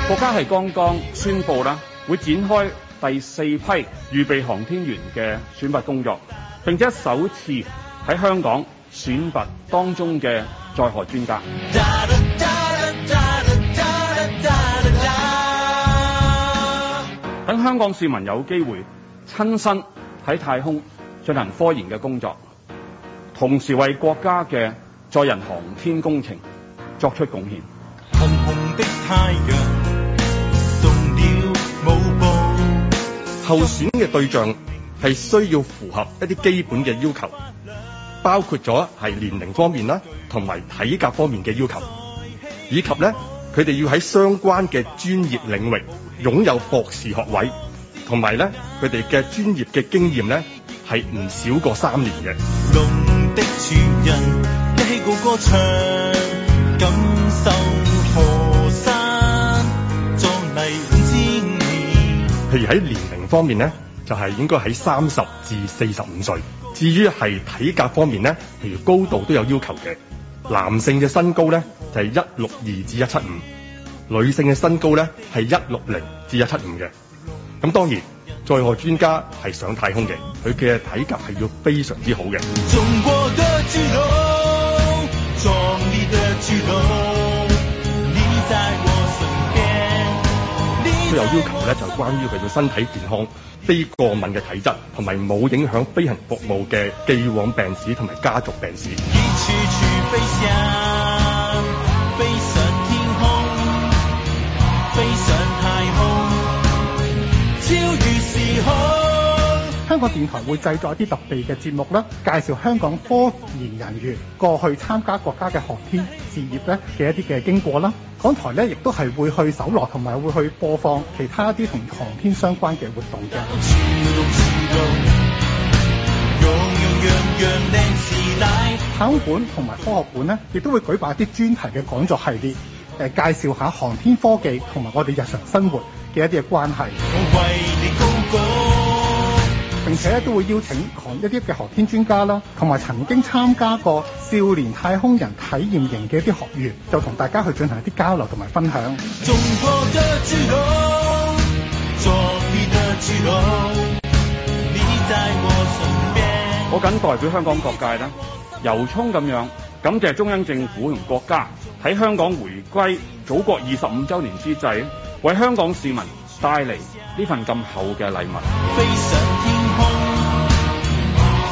國家係剛剛宣布啦，會展開。第四批預備航天員嘅選拔工作，並且首次喺香港選拔當中嘅載荷專家，等香港市民有機會親身喺太空進行科研嘅工作，同時為國家嘅載人航天工程作出貢獻。紅紅的太候選嘅對象係需要符合一啲基本嘅要求，包括咗係年齡方面啦，同埋體格方面嘅要求，以及咧佢哋要喺相關嘅專業領域擁有博士學位，同埋咧佢哋嘅專業嘅經驗咧係唔少過三年嘅。龍的傳人，一起高歌唱，錦繡河山壯麗五千年。譬如喺年齡。方面呢，就係應該喺三十至四十五歲。至於係體格方面呢，譬如高度都有要求嘅。男性嘅身高呢，就係一六二至一七五；女性嘅身高呢，係一六零至一七五嘅。咁當然，在外專家係上太空嘅，佢嘅體格係要非常之好嘅。中國的都有要求咧，就係關於佢嘅身體健康，非過敏嘅體質，同埋冇影響飛行服務嘅既往病史同埋家族病史。飛上天空，飛上太空，超越時空。個電台會製作一啲特別嘅節目啦，介紹香港科研人員過去參加國家嘅航天事業咧嘅一啲嘅經過啦。港台咧亦都係會去搜羅同埋會去播放其他一啲同航天相關嘅活動嘅。太空 館同埋科學館咧，亦都會舉辦一啲專題嘅講座系列，誒、呃、介紹下航天科技同埋我哋日常生活嘅一啲嘅關係。 並且都會邀請一啲嘅航天專家啦，同埋曾經參加過少年太空人體驗營嘅一啲學員，就同大家去進行一啲交流同埋分享。在我謹代表香港各界啦，由衷咁樣感謝中央政府同國家喺香港回歸祖國二十五週年之際，為香港市民帶嚟呢份咁厚嘅禮物。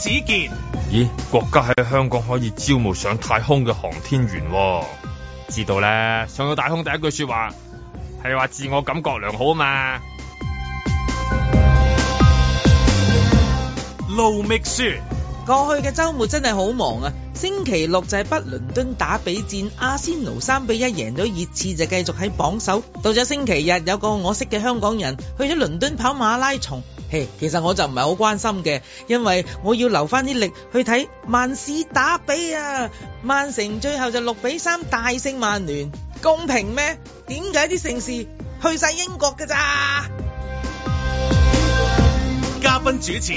子健咦？國家喺香港可以招募上太空嘅航天員，哦，知道呢，上到太空第一句話是說話係話自我感覺良好啊嘛。盧覓雪過去嘅周末真係好忙啊。星期六就喺北倫敦打比戰，阿仙奴三比一贏咗熱刺，就繼續喺榜首。到咗星期日，有個我識嘅香港人去咗倫敦跑馬拉松。嘿、hey，其實我就唔係好關心嘅，因為我要留翻啲力去睇曼市打比啊！曼城最後就六比三大勝曼聯，公平咩？點解啲盛事去晒英國㗎？咋？嘉賓主持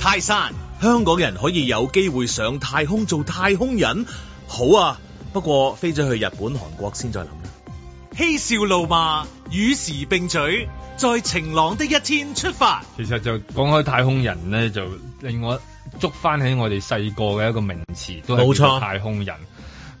泰山，香港人可以有機會上太空做太空人，好啊！不過飛咗去日本、韓國先再諗啦。嬉笑怒罵與時並嘴。在晴朗的一天出發。其實就講開太空人咧，就令我捉翻起我哋細個嘅一個名詞，都冇錯，太空人。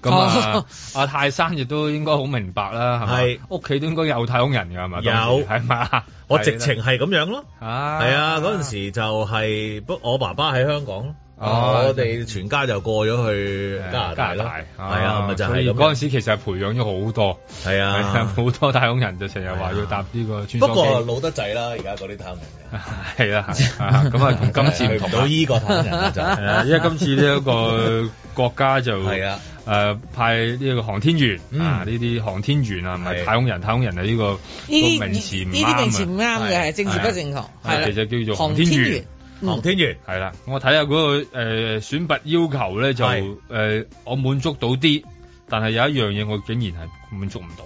咁阿、啊 啊、泰山亦都應該好明白啦，係 咪？屋企都應該有太空人㗎嘛？有，係嘛？我直情係咁樣咯，係 是啊！嗰 陣、啊那個、時就係不，我爸爸喺香港。啊啊、我哋全家就過咗去加拿大咯，係啊，咪就係嗰陣時，其實係培養咗好多，係啊，好、啊、多太空人就成日話要搭呢個穿梭機，不過老得滯啦，而家嗰啲太空人。係啦，咁啊，今次到依個太空人，因為今次呢一個國家就係、呃、啊，誒派呢個航天員啊，呢啲、這個嗯啊、航天員啊，唔係太空人，嗯、太空人係呢、這個個名詞，呢啲名詞唔啱嘅，政治不正確、啊啊啊啊啊啊，其實叫做航天員。黃天源係啦，我睇下嗰個誒、呃、選拔要求咧就誒、呃，我滿足到啲，但係有一樣嘢我竟然係滿足唔到。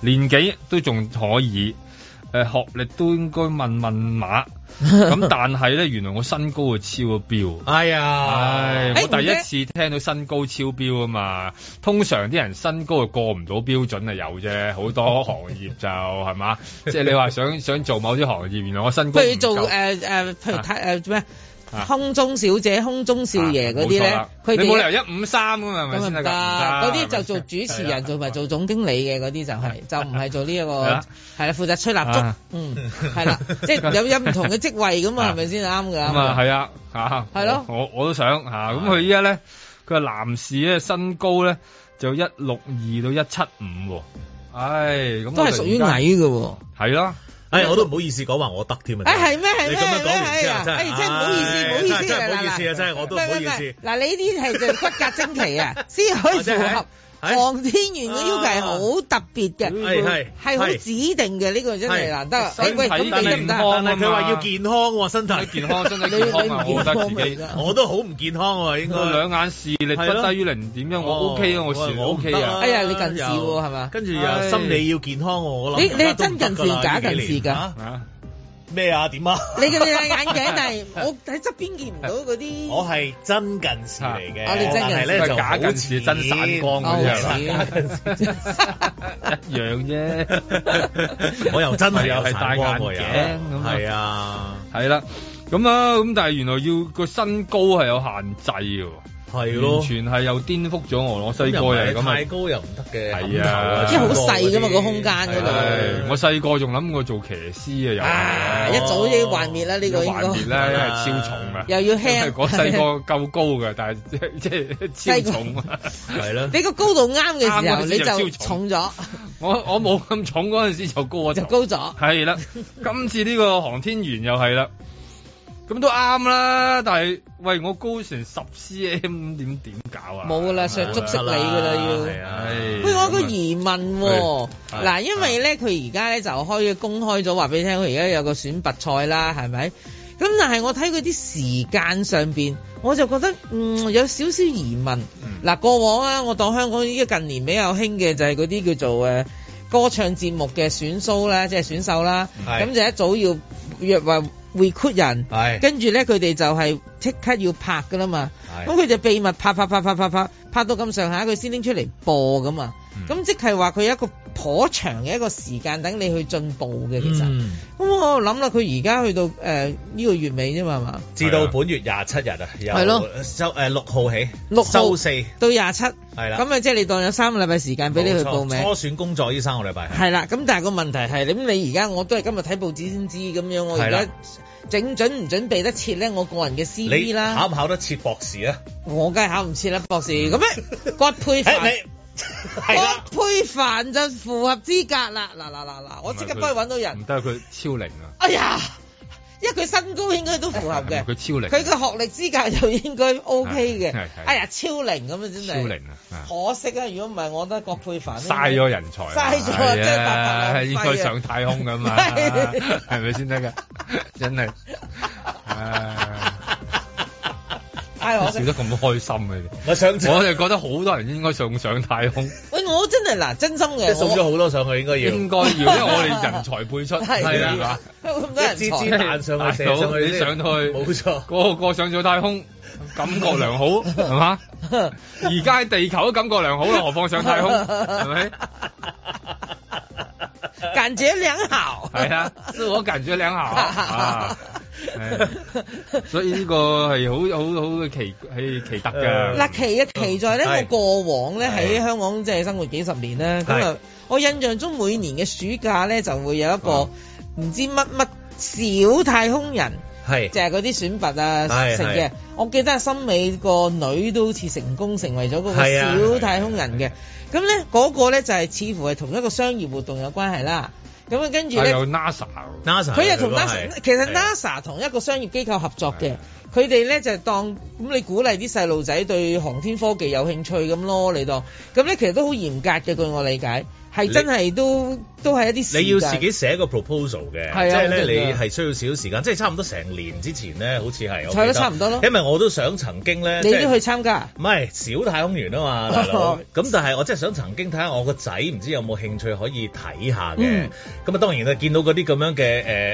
年紀都仲可以。誒，學歷都應該問問馬咁， 但係咧原來我身高啊超咗標，哎呀，唉、哎，我第一次聽到身高超標啊嘛、欸，通常啲人身高啊過唔到標準啊 有啫，好多行業就係嘛，即係你話想想做某啲行業，原來我身高，譬如做、呃、譬如睇、呃、咩？空中小姐、啊、空中少爺嗰啲咧，佢、啊、哋、啊、你冇理由一五三噶嘛，咁啊唔得，嗰啲就做主持人，做、啊、埋做總經理嘅嗰啲就係、是啊，就唔係做呢、這、一個係啦，負、啊、責吹蠟燭、啊，嗯，係啦， 即係有有唔同嘅職位噶嘛，係咪先啱噶？啊，係啊，吓，係咯，我我都想吓，咁佢依家咧，佢、啊、係男士咧，身高咧就一六二到一七五喎，唉、哎，咁都係屬於矮噶喎，係咯。哎，我都唔好意思講話我得添啊！哎，係咩係咩咩咩啊！哎呀，真係唔好意思，唔好意思，真係唔好意思啊！哎、真係、啊哎、我都唔好意思。嗱、哎， 你呢啲係就骨骼精奇 啊，先可以符合。航天員嘅要求係好特別嘅，係係係好指定嘅呢、呢個真係難得。哎喂，咁你得唔得？但係佢話要健康喎、啊，身體健康 你，身體健康啊，唔得、啊。我都好唔健康喎、啊，應該。兩眼視力不低於零點一，我 OK 啊、哦，我視力 OK 啊。哎呀，你近視喎、啊，係嘛？跟住又心理要健康、啊，我諗。你你係真近視假近視㗎？咩啊？點啊？你嘅戴眼鏡， 但係我喺側邊見唔到嗰啲。我係真近視嚟嘅、啊，但係咧就好似真散光咁樣啦。啊真樣啊、 一樣啫而， 我又真係又係戴眼鏡咁。係啊，係啦，咁啊，咁但係原來要個身高係有限制嘅。係咯，全係又顛覆咗我。我細個嚟咁啊，是太高又唔得嘅，係啊，即係好細㗎嘛個空間嗰度、啊啊啊啊。我細個仲諗過做騎師啊，啊啊啊啊又一早幻滅啦呢個。幻滅啦，因為超重啊，又要輕。我細個夠高嘅， 但係即係即係超重啊，係咯。你 個高度啱嘅時， 時候你就重咗。 我我冇咁重嗰陣時就高啊，就高咗。係啦，今次呢個航天員又係啦。咁都啱啦，但係喂，我高成十 cm，咁點點搞啊？冇啦，成捉式你噶啦要。喂不如我一個疑問喎，嗱、哎哦啊，因為咧佢而家咧就開公開咗，話俾、啊、你聽，佢而家有個選拔賽啦，係咪？咁但係我睇佢啲時間上邊，我就覺得嗯有少少疑問。嗱、嗯，過往啊，我當香港依家近年比較興嘅就係嗰啲叫做誒歌唱節目嘅選秀啦，即、就、係、是、選秀啦，咁就一早要約話。會缺人，跟住咧佢哋就係、是。即刻要拍噶啦嘛，咁佢就秘密拍拍拍拍拍拍，拍到咁上下佢先拎出嚟播㗎嘛。咁、嗯、即係話佢有一個頗長嘅一個時間等你去進步嘅，嗯、其實。咁我諗啦，佢而家去到誒呢、呃這個月尾啫嘛，係嘛？至到本月廿七日啊，係咯，周誒六號起，六號周四到廿七，係啦。咁啊即係你當有三個禮拜時間俾你去報名。初選工作呢三個禮拜係啦。咁但係個問題係，咁你而家我都係今日睇報紙先知咁樣，我而家。整準唔準備得切咧，我個人嘅 C.V. 啦。你考唔考得切博士啊？我梗係考唔切啦，博士。咁咩郭佩凡？郭佩凡就符合資格啦！嗱嗱嗱嗱，我即刻幫佢搵到人。唔得，佢超齡啊！哎呀！因為佢身高應該都符合嘅，佢超齡，佢個學歷資格就應該 OK 嘅。哎呀，超齡咁啊，真係。超齡啊！可惜啊，如果唔係，我覺得郭佩凡嘥咗人才，啊，嘥咗真係、啊，應該上太空咁啊，係咪先得噶真係。 哎、笑得咁開心嘅、啊，我就覺得好多人應該上上太空。喂，我真係嗱，真心嘅，送咗好多上去應該要，應該要，因為我哋人才輩出，係 嘛，咁多人才，上上去，上去，冇錯，個個上咗太空，感覺良好，係 嘛？而家喺地球都感覺良好，何況上太空，係 咪是吧？ 感覺良好，係啊，自我感覺良好，所以呢個係好好好嘅奇，係奇特嘅。嗱、嗯，奇嘅奇在咧，嗯，我過往咧喺、啊、香港即係生活幾十年咧，咁啊，我印象中每年嘅暑假咧就會有一個唔知乜乜小太空人，係、啊，就係嗰啲選拔啊，成嘅、啊、是啊、我記得森美個女都好似成功成為咗嗰個小太空人嘅。是啊是啊嗯咁咧嗰個咧就係似乎係同一個商業活動有關係啦。咁啊跟住咧，佢又 NASA，佢又同 NASA，其實 NASA 同一個商業機構合作嘅。佢哋咧就係、當咁你鼓勵啲細路仔對航天科技有興趣咁咯，你當咁咧其實都好嚴格嘅，據我理解，係真係都都係一啲你要自己寫個 proposal 嘅、啊，即係咧你係需要少少時間，即係差唔多成年之前咧，好似係差唔多差唔多咯，因為我都想曾經咧，你都去參加，唔、就、係、係、小太空員啊嘛，咁 但係我真係想曾經睇下我個仔唔知有冇興趣可以睇下嘅，咁、嗯、啊當然啊見到嗰啲咁樣嘅誒誒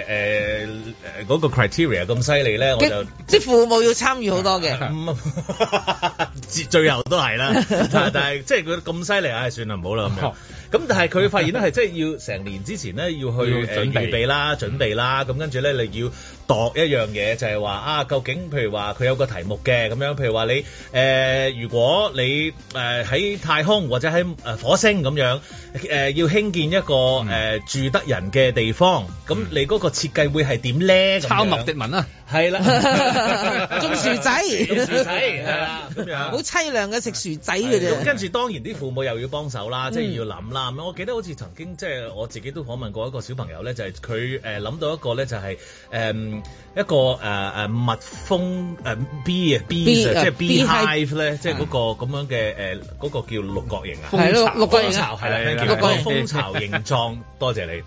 誒嗰個 criteria 咁犀利咧，我就即。即父母要參與好多嘅， 最後都係啦， 但係即係佢咁犀利，唉、哎，算啦，唔好啦咁樣。咁但係佢發現咧，係即係要成年之前咧，要去 要準備、呃、準備啦、準備啦。咁、嗯、跟住咧，你要度一樣嘢，就係話啊，究竟譬如話佢有個題目嘅咁樣，譬如話你誒、呃、如果你誒喺、呃、太空或者喺誒火星咁樣誒、呃、要興建一個誒、嗯呃、住得人嘅地方，咁你嗰個設計會係點咧？抄麥迪文啊，係啦，種 薯仔，種薯仔係啦，好淒涼嘅食薯仔嘅啫。嗯、跟住當然啲父母又要幫手、就是、啦，即係要諗啦。啊、我記得好似曾經即係我自己都訪問過一個小朋友咧，就係佢諗到一個咧，就係、是、誒、嗯、一個誒誒、呃、蜜蜂、呃、B, B, B 啊 B 即係 B Hive 咧，即係嗰、uh, 個咁樣嘅嗰、uh, uh, 個叫六角形啊，係咯六角形係啦係啦六角形,、啊六角形啊、 蜂巢形狀多謝你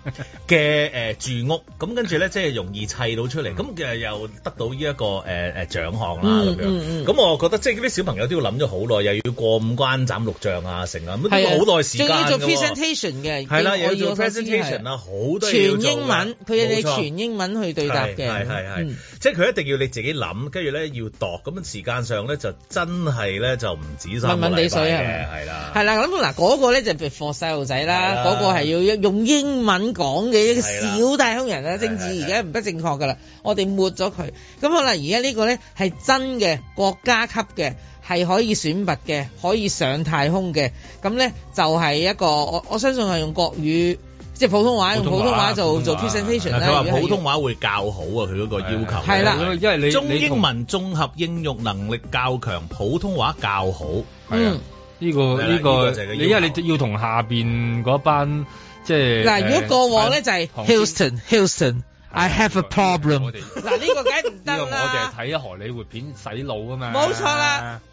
嘅誒、呃、住屋咁跟住咧，即係容易砌到出嚟，咁、嗯、嘅又得到呢、這、一個誒誒獎項啦咁樣。咁、嗯嗯嗯、我覺得即係啲小朋友都要諗咗好耐，又要過五關斬六將啊，成啊咁都好耐時間。presentation 嘅，係啦，要做 presentation 啦，好多嘢要做，全英文，佢要你全英文去對答嘅，係係係，即係佢一定要你自己諗，跟住咧要度，咁樣時間上咧就真係咧就唔止三。文文地水係啦，係啦，咁嗱嗰個咧就譬如細路仔啦，嗰、嗰個係要用英文講嘅一個小太空人啊，政治而家唔得正確噶啦，我哋抹咗佢。咁好啦，而家呢個咧係真嘅國家級嘅。係可以選拔嘅，可以上太空嘅，咁咧就係一個我我相信係用國語，即係普，普通話，用普通話做做 presentation 咧。普通話會較好啊，佢嗰個要求係啦，因為你中英文綜合應用能力較強，普通話較好。嗯，呢個呢個，你因為你要同下邊嗰班即係嗱，如果過往咧就係、是、Houston，Houston，I、yeah, have a problem yeah,。嗱 呢個梗唔得啦。這個、我哋係睇荷里活片洗腦啊嘛。冇錯啦。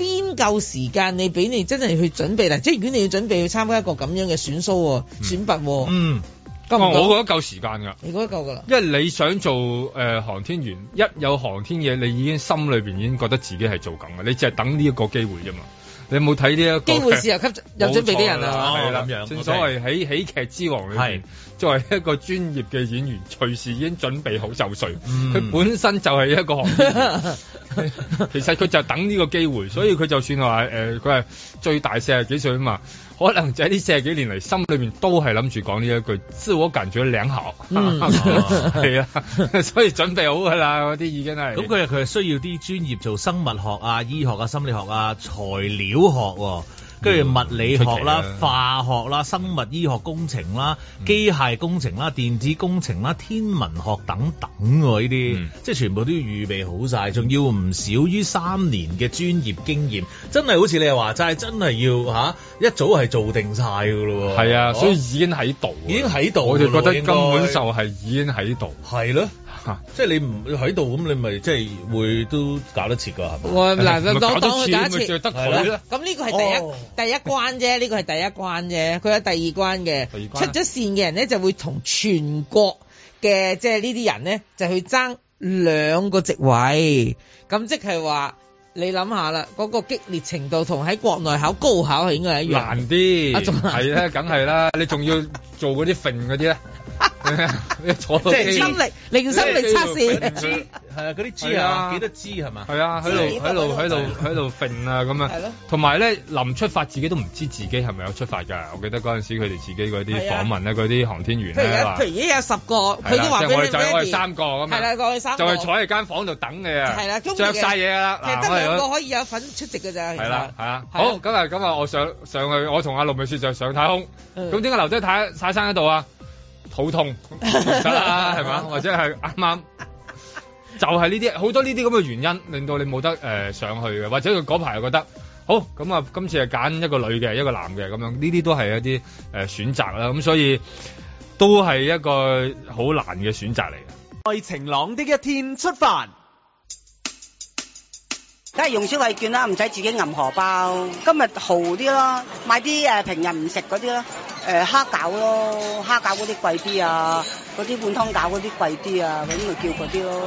邊夠時間你俾你真係去準備嗱，即如果你要準備去參加一個咁樣嘅選秀喎，選拔，嗯，咁、哦嗯、我覺得夠時間噶你覺得夠噶因為你想做誒、呃、航天員，一有航天嘢，你已經心裏邊已經覺得自己係做緊嘅，你只係等呢一個機會啫嘛。你冇睇呢一個機會事？時候給有準備啲人啊嘛、哦，正所謂喺、okay、喜劇之王裏邊。作為一個專業嘅演員，隨時已經準備好就緒。佢、嗯、本身就係一個學員， 其實佢就等呢個機會，所以佢就算話誒，佢、呃、係最大四十幾歲啊嘛，可能就喺呢四十幾年嚟，心裏面都係諗住講呢一句，即我揀咗兩學，係、嗯、 啊， 所以準備好噶啦，嗰啲已經係。咁佢佢係需要啲專業做生物學啊、醫學啊、心理學啊、材料學、啊。跟住物理學啦、嗯、化學啦、生物醫學工程啦、機、嗯、械工程啦、電子工程啦、天文學等等喎，呢啲、嗯、即係全部都要預備好晒，仲要唔少於三年嘅專業經驗，真係好似你又話齋，真係要、啊、一早係做定晒㗎咯喎。係啊，所以已經喺度，已經喺度，我哋覺得根本就係已經喺度。係咯。嚇！即係你唔喺度咁，你咪即係會都搞得切㗎，係咪？哇、嗯！嗱，當當佢搞得切就得啦。咁呢、嗯嗯嗯、呢呢個係第一、哦、第一關啫，呢、呢個係第一關啫。佢喺第二關嘅。第二關、啊。出咗線嘅人咧，就會同全國嘅即係呢啲人咧，就去爭兩個職位。咁即係話，你諗下啦，嗰、嗰個激烈程度同喺國內考高考係應該係一樣難啲啊！仲係咧，梗係啦， 你仲要做嗰啲分嗰啲咧。 坐到即係心力，靈心力測試。G 係啊，嗰啲 G 啊，幾多 G 係嘛？係啊，喺度喺度喺度喺度揈啊咁啊。係咯。同埋咧，臨 出發自己都唔知自己係咪有出發㗎。我記得嗰陣時佢哋自己嗰啲訪問咧，嗰 啲航天員咧話，譬如已經有十個，佢都話俾你聽。就係三個咁樣。係啦，就係三就去坐喺間房度等你。係啦，著曬嘢啦。其實得兩個可以有份出席㗎咋。係啦，係啊。好，咁啊，咁啊，我上上去，我同阿盧美雪就上太空。咁點解留低太曬生喺度啊？好痛，係嘛？或者係啱啱就係呢啲，好多呢啲咁嘅原因令到你冇得誒上去嘅，或者佢嗰排覺得好咁啊，就今次係揀一個女嘅，一個男嘅咁樣，呢啲都係一啲誒、呃、選擇啦。咁所以都係一個好難嘅選擇嚟嘅。在晴朗的一天出發，梗係用消費券啦，唔使自己揞荷包。今日豪啲咯，買啲誒平日唔食嗰啲咯。誒、呃，蝦餃咯，蝦餃嗰啲貴啲啊，嗰啲灌湯餃嗰啲貴啲啊，咁咪叫嗰啲咯，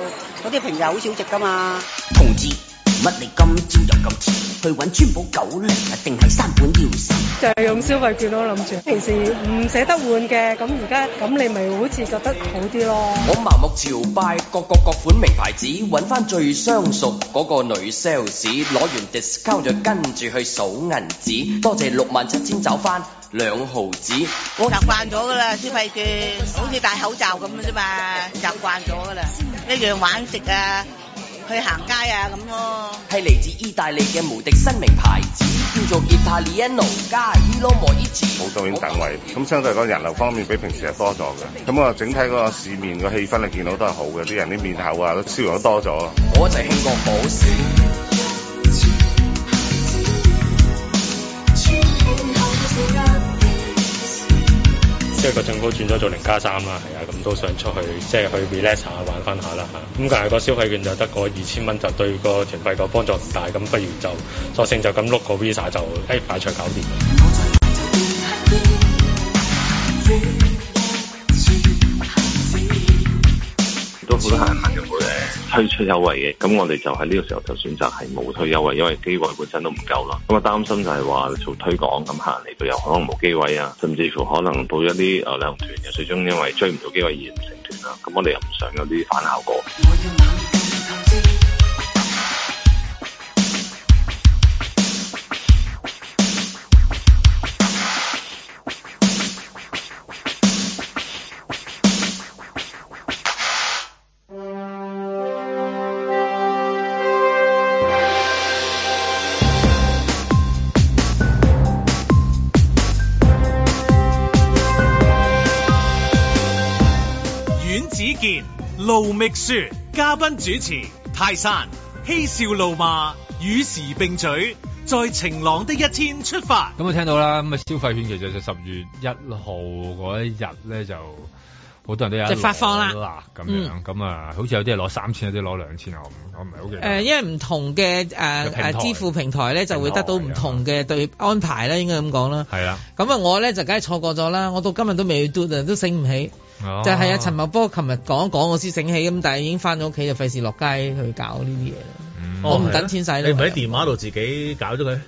嗰啲平日好少食噶嘛。同志。乜你今朝就咁遲去揾川寶九零啊？定係三本腰身？就係用消費券。我諗住，平時唔捨得換嘅，咁而家咁你咪好似覺得好啲咯。我盲目朝拜各個各款名牌子，揾翻最相熟嗰個女 sales，攞完 discount 就跟住去數銀紙，多謝六萬七千找翻兩毫子。我習慣咗噶啦，消費券好似戴口罩咁啫嘛，習慣咗噶啦，一樣玩食啊。去行街啊咁咯，係嚟自意大利嘅無敵新名牌子叫做 i 塔利 l 奴 e 加莫依治，好導演鄧位，咁相對嚟講人流方面比平時係多咗嘅，咁啊整體嗰個市面嘅氣氛你見到都係好嘅，啲人啲面頭啊都笑容都多咗咯，我就興過好事。即係個政府轉咗做零加三啦，係啊，咁都想出去即係去 relax 下，玩翻下啦吓，咁但係個消費券就得個二千蚊，就對個團費個幫助唔大，咁不如就索性就咁碌個 Visa 就誒擺菜搞掂。都好多客人問誒推出優惠嘅，咁我哋就喺呢個時候就選擇係冇推優惠，因為機位本身都唔夠啦。咁啊擔心就係話做推廣咁客人嚟到又可能冇機位啊，甚至乎可能到一啲誒旅行團嘅，最終因為追唔到機位而唔成團啦。咁我哋又唔想有啲反效果。盧覓雪，嘉賓主持泰山，嬉笑怒罵，與時並舉，在晴朗的一天出發。咁、嗯、啊，嗯、我聽到啦，咁啊，消費券其實就十月一號嗰一日咧，就好多人都有一就發放啦，咁、嗯、樣，咁、嗯、啊、嗯嗯，好似有啲係攞三千，有啲攞兩千啊，我唔，我唔係好記得。誒、呃，因為唔同嘅誒誒支付平台咧，就會得到唔同嘅對安排啦、啊，應該咁講啦。係啦，咁啊，我咧就梗係錯過咗啦，我到今日都未 d 都醒唔起。哦、就係、是、啊！陳茂波琴日講一講、哦，我先醒起咁，但係已經翻咗屋企，就費事落街去搞呢啲嘢啦。我唔等錢使，你唔喺電話度自己搞咗佢。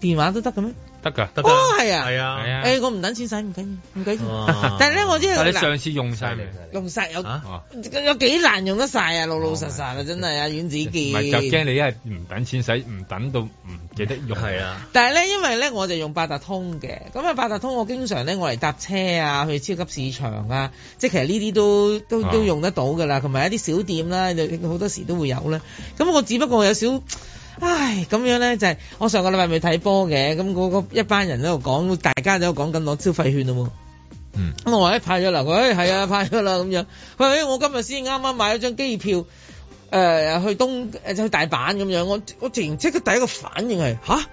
電話都得嘅咩？得㗎，得哦，係啊，係啊，誒、啊啊欸，我唔等錢使唔緊要，唔緊要、哦。但係咧，我知係你上次用晒，用晒有、啊、有幾難用得晒啊？老老實實啊，真係啊、哦，阮子健。唔係，就驚你一係唔等錢使，唔等到唔記得用。係啊，啊。但係咧，因為咧，我就用八達通嘅。咁啊，八達通我經常咧，我嚟搭車啊，去超級市場啊，即係其實呢啲都都都用得到㗎啦。同、哦、埋一啲小店啦、啊，好多時都會有啦。咁我只不過有少。唉，咁樣咧就係，是，我上個禮拜未睇波嘅。咁，那，嗰個一班人喺度講，大家喺度講緊攞消費券啊，咁我話誒派咗啦，佢係啊派咗啦咁樣。喂，哎，我今日先啱啱買咗張機票，誒，呃，去東誒去大阪咁樣，我我突然即刻第一個反應係吓，啊，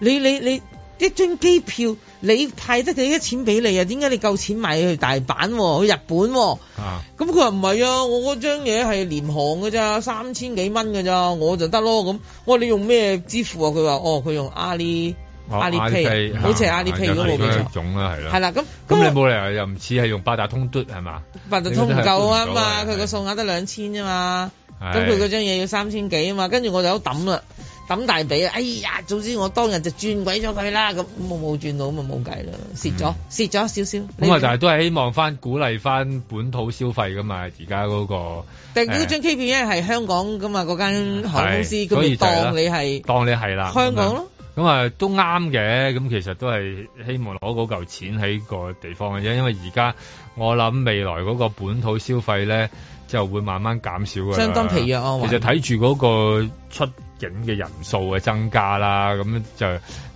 你你你。你一張機票，你派得幾多錢俾你啊？點解你夠錢買去大阪喎、啊？去日本喎、啊？咁佢話唔係啊，我嗰張嘢係廉航嘅咋，三千幾蚊嘅咋，我就得咯。咁我話你用咩支付啊？佢話哦，佢用阿里、啊、阿里 Pay、啊、好似阿里 Pay 都冇幾種啦、啊，係啦。係啦，咁咁你冇理由又唔似係用八達通嘟係嘛？八達通唔夠啊嘛，佢個數額得兩千啫嘛，咁佢嗰張嘢要三千幾啊嘛，跟住我就揼啦。抌大髀啊！哎呀，早知我當日就轉鬼咗佢啦。咁冇冇轉到，咁冇計啦，蝕咗蝕咗少少。咁啊，但係都係希望翻鼓勵翻本土消費噶嘛，而家嗰個。但係張 K 片因係香港㗎嘛，嗰間航空公司，咁咪、就係、當你係當你係啦，香港咯。咁啊，都啱嘅。咁其實都係希望攞嗰嚿錢喺個地方嘅啫。因為而家我諗未來嗰個本土消費咧，就會慢慢減少嘅。相當疲弱啊！其實睇住嗰個出。景嘅人數嘅增加啦，咁就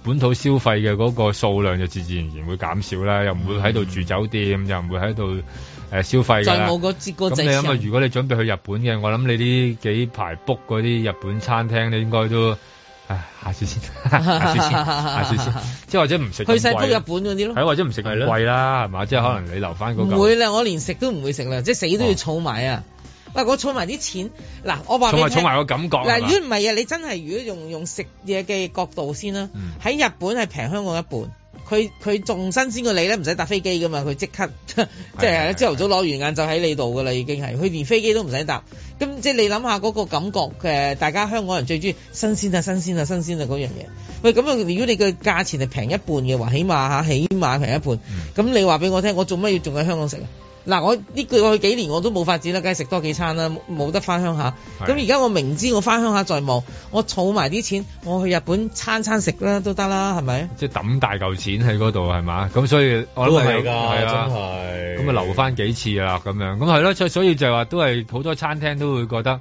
本土消費嘅嗰個數量就自自然然會減少啦，又唔會喺度住酒店，嗯、又唔會喺度消費嘅。在我個節嗰陣咁你諗啊？如果你準備去日本嘅，我諗你呢幾排 book 嗰啲日本餐廳，你應該都唉，下次先，下次先，下次先，即係或者唔食去曬 book 日本嗰啲咯，或者唔食貴啦，係嘛？即係可能你留翻嗰、那個。唔會啦，我連食都唔會食啦，即係死都要儲埋啊！哦喂、啊，我儲埋啲錢，嗱、啊，我話你儲埋儲埋個感覺。嗱、啊，如果唔係啊，你真係如果用用食嘢嘅角度先啦，喺、嗯、日本係平香港一半，佢佢仲新鮮過你咧，唔使搭飛機噶嘛，佢即刻即係朝頭早攞完，晏晝喺你度噶啦，已經係，佢連飛機都唔使搭。咁即係你諗下嗰個感覺嘅，大家香港人最中意新鮮啊、新鮮啊、新鮮啊嗰、啊、樣嘢。喂，咁樣，如果你個價錢係平一半嘅話，起碼嚇起碼平一半，咁、嗯、你話俾我聽，我做乜要仲喺香港食啊？嗱，我呢句去幾年我都冇法子啦，梗係食多幾餐啦，冇得翻鄉下。咁而家我明知我翻鄉下再望，我儲埋啲錢，我去日本餐餐食啦都得啦，係咪？即係抌大嚿錢喺嗰度係嘛？咁所以我都係㗎，係啊，真係咁啊，留翻幾次啦咁樣。咁係咯，所以就係話都係好多餐廳都會覺得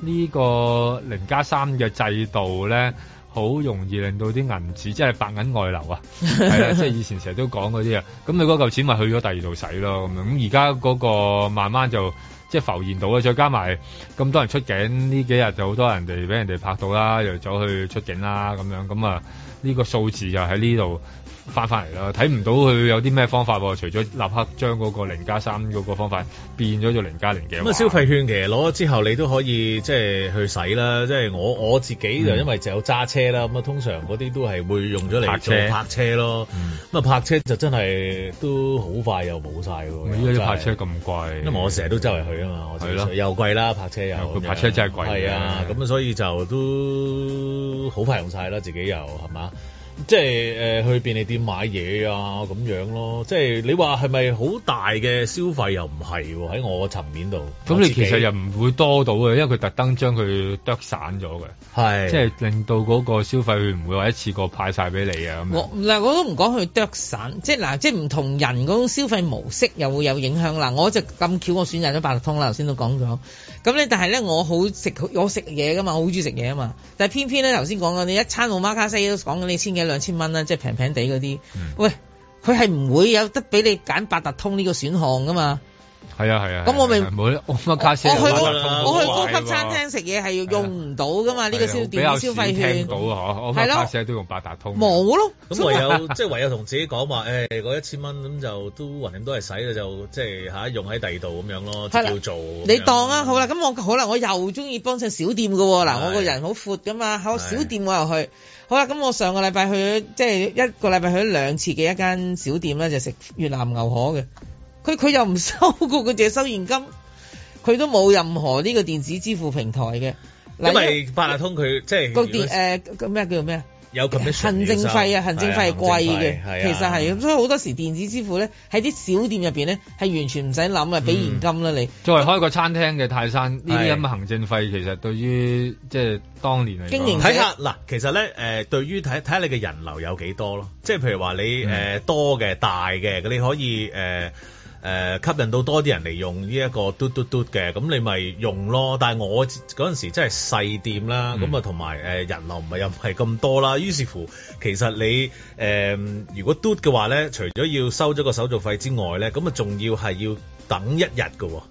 呢個零加三嘅制度咧。好容易令到啲銀紙即係白銀外流啊， 係啦，即係以前成日都講嗰啲啊。咁你嗰嚿錢咪去咗第二度使咯咁樣。咁而家嗰個慢慢就即係浮現到啊。再加埋咁多人出境，呢幾日就好多人哋俾人哋拍到啦，又走去出境啦咁樣。咁啊，呢個數字就喺呢度。翻翻嚟啦，睇唔到佢有啲咩方法喎，除咗立刻將嗰個零加三嗰個方法變咗做零加零嘅。咁啊，消費券其實攞咗之後，你都可以即係去使啦。即係我我自己就因為就有揸車啦，咁啊，通常嗰啲都係會用咗嚟泊車咯。咁啊，泊車就真係都好快又冇晒喎。依家啲泊車咁貴，因為我成日都周圍去啊嘛。係咯。又貴啦泊車又。佢泊車真係貴啊。係啊，咁所以就都好快用晒啦，自己又係嘛。即係誒、呃、去便利店買嘢啊咁樣咯，即係你話係咪好大嘅消費又唔係喺我個層面度？咁你其實又唔會多到嘅，因為佢特登將佢剁散咗嘅，係即係令到嗰個消費唔會話一次過派晒俾你啊咁。我嗱我都唔講佢剁散，即係嗱即係唔同人嗰種消費模式又會有影響啦。我就咁巧我選擇咗八達通啦，頭先都講咗。咁咧但係咧我好食我食嘢噶嘛，我好中意食嘢啊嘛。但係偏偏咧頭先講嘅你一餐好 omakase 都講緊你千幾。兩千蚊啦，即係平平哋嗰啲。喂，佢係唔會有得俾你揀八達通呢個選項噶嘛？係啊係啊，咁我咪唔會啦，我卡我，我去高我，我，我去高級餐廳食嘢係要用唔到噶嘛？呢、啊這個小店消費消費券。啊到啊我卡西都用八達通。冇、嗯嗯嗯嗯、咯，咁唯有 即係唯有同自己講話，誒、哎、一千蚊咁就都還掂都係使嘅，就即係嚇用喺第二度咁樣咯，叫、啊、做。你當啊，嗯、好啦，咁我好啦，我又中意幫襯小店㗎喎、喔。嗱、啊，我個人好闊㗎嘛，我小店我又去。好啦，咁我上個禮拜去即係一個禮拜去咗兩次嘅一間小店咧，就食越南牛河嘅。佢佢又唔收過佢淨收現金，佢都冇任何呢個電子支付平台嘅。咁咪八達通佢即係個咩叫做咩啊？有咁多行政費啊，行政費係貴嘅、啊。其實係、啊，所以好多時電子支付咧喺啲小店入面咧係完全唔使諗嘅，俾現金啦、嗯。你作為開個餐廳嘅泰山呢啲咁嘅行政費，其實對於即係當年係經營睇下嗱，其實咧、呃、對於睇睇下你嘅人流有幾多咯，即係譬如話你、嗯呃、多嘅大嘅，你可以誒。呃誒吸引到多啲人嚟用呢一個嘟嘟嘟嘅，咁你咪用咯。但係我嗰陣時真係細店啦，咁啊同埋誒人流唔係又唔係咁多啦。於是乎，其實你誒、呃、如果嘟嘅話咧，除咗要收咗個手續費之外咧，咁啊仲要係要等一日嘅。.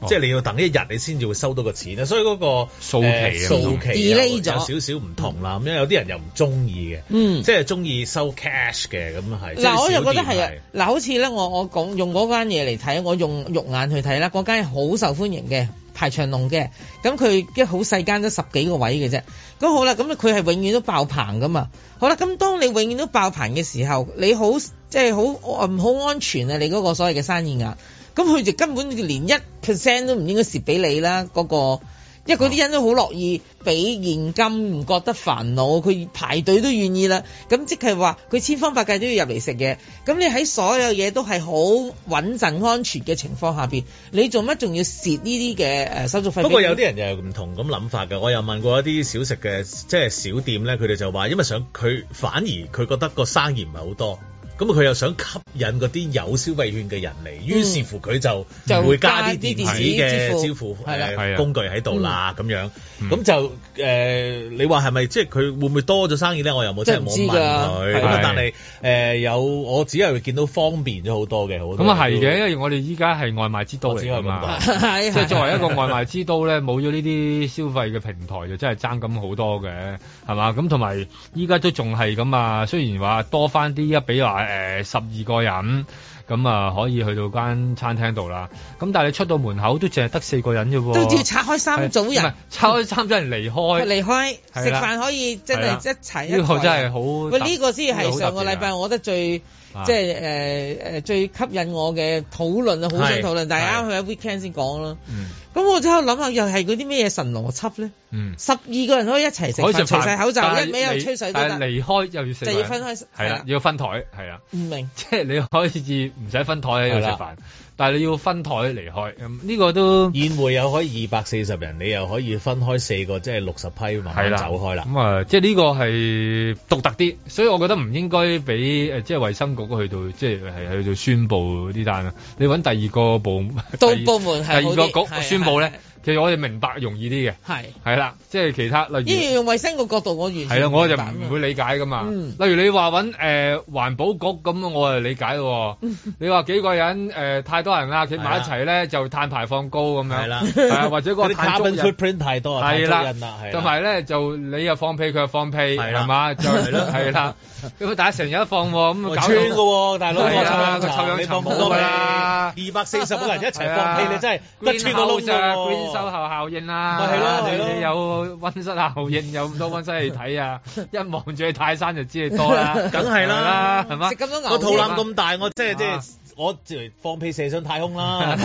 哦、即係你要等一日，你先至會收到個錢啦。所以嗰個數期、呃、數期就少少唔同啦。咁、嗯、樣有啲人又唔中意嘅，嗯，即係中意收 cash 嘅咁樣係。嗱、嗯，我就覺得係啊。嗱，好似咧，我我講用嗰間嘢嚟睇，我用肉眼去睇啦。嗰間係好受歡迎嘅，排長龍嘅。咁佢一好細間都十幾個位嘅啫。咁好啦，咁佢係永遠都爆棚㗎嘛。好啦，咁當你永遠都爆棚嘅時候，你好即係好好安全啊，你嗰個所謂嘅生意額。咁佢就根本連一 percent 都唔應該蝕俾你啦，嗰個，因為嗰啲人都好樂意俾現金，唔覺得煩惱，佢排隊都願意啦。咁即係話佢千方百計都要入嚟食嘅。咁你喺所有嘢都係好穩陣安全嘅情況下邊，你做乜仲要蝕呢啲嘅誒手續費？不過有啲人又唔同咁諗法㗎。我又問過一啲小食嘅即係小店咧，佢哋就話因為想佢反而佢覺得個生意唔係好多。咁佢又想吸引嗰啲有消費券嘅人嚟、嗯，於是乎佢就唔會加啲電子嘅支付工具喺度啦，咁、嗯、樣，咁、嗯、就。誒、呃，你話係咪即係佢會唔會多咗生意咧？我又冇即係冇問佢，但係誒、呃、有我只係會見到方便咗好多嘅，好咁啊，係、嗯、嘅，因為我哋依家係外賣之都嚟噶嘛，即係 作為一個外賣之都咧，冇咗呢啲消費嘅平台就真係爭咁好多嘅，係嘛？咁同埋依家都仲係咁啊，雖然話多翻啲，一比如話誒十二個人。咁啊，可以去到間餐廳度啦。咁但係你出到門口都淨係得四個人啫喎，都只要拆開三組人，拆開三組人離開，嗯、離開食飯可以真係一齊一。呢、呢個真係好，喂、呢、呢個先係上個禮拜我覺得最、呢個啊、即係、呃、最吸引我嘅討論啊，好想討論，但係啱去喺 weekend 先講咯。嗯。咁我之後諗下又係嗰啲咩嘢神邏輯咧？嗯，十二個人可以一齊食，除晒口罩，一味又吹水離開又要就要分開，係啦，要分台，係啊，唔明，即係你可以設唔使分台喺度食飯，但係你要分台離開。呢、嗯，這個都宴會又可以二百四十人，你又可以分開四個，即係六十批慢慢走開啦。咁啊，即係呢個係獨特啲，所以我覺得唔應該俾即係衛生局去到，即係係去到宣布呢單啊。你搵第二個部，部門 第二個局。部咧，其實我哋明白容易啲嘅，係係啦，即係其他例如，依樣用衞生嘅角度，我完全係啦，我就唔會理解噶嘛、嗯。例如你話揾誒環保局咁，我就理解咯、哦。 你話幾個人誒、呃、太多人啦企埋一齊咧就碳排放高咁樣係啦，或者嗰啲 carbon footprint 太多，係啦，同埋咧就你又放屁，佢又放屁，係嘛，係咯，係 啦。佢打成日一放喎、啊，咁咪搞到穿喎，大佬臭氧層冇咁啦，二百四十個人一齊放屁、啊、你真係、啊，一穿個窿啫，溫室效應啦，你你有溫室效應， 有咁多溫室氣體啊，一望住泰山就知你多、啊、啦，梗係啦，食咁多牛，我肚腩咁大，我即係即係我嚟放屁射上太空啦，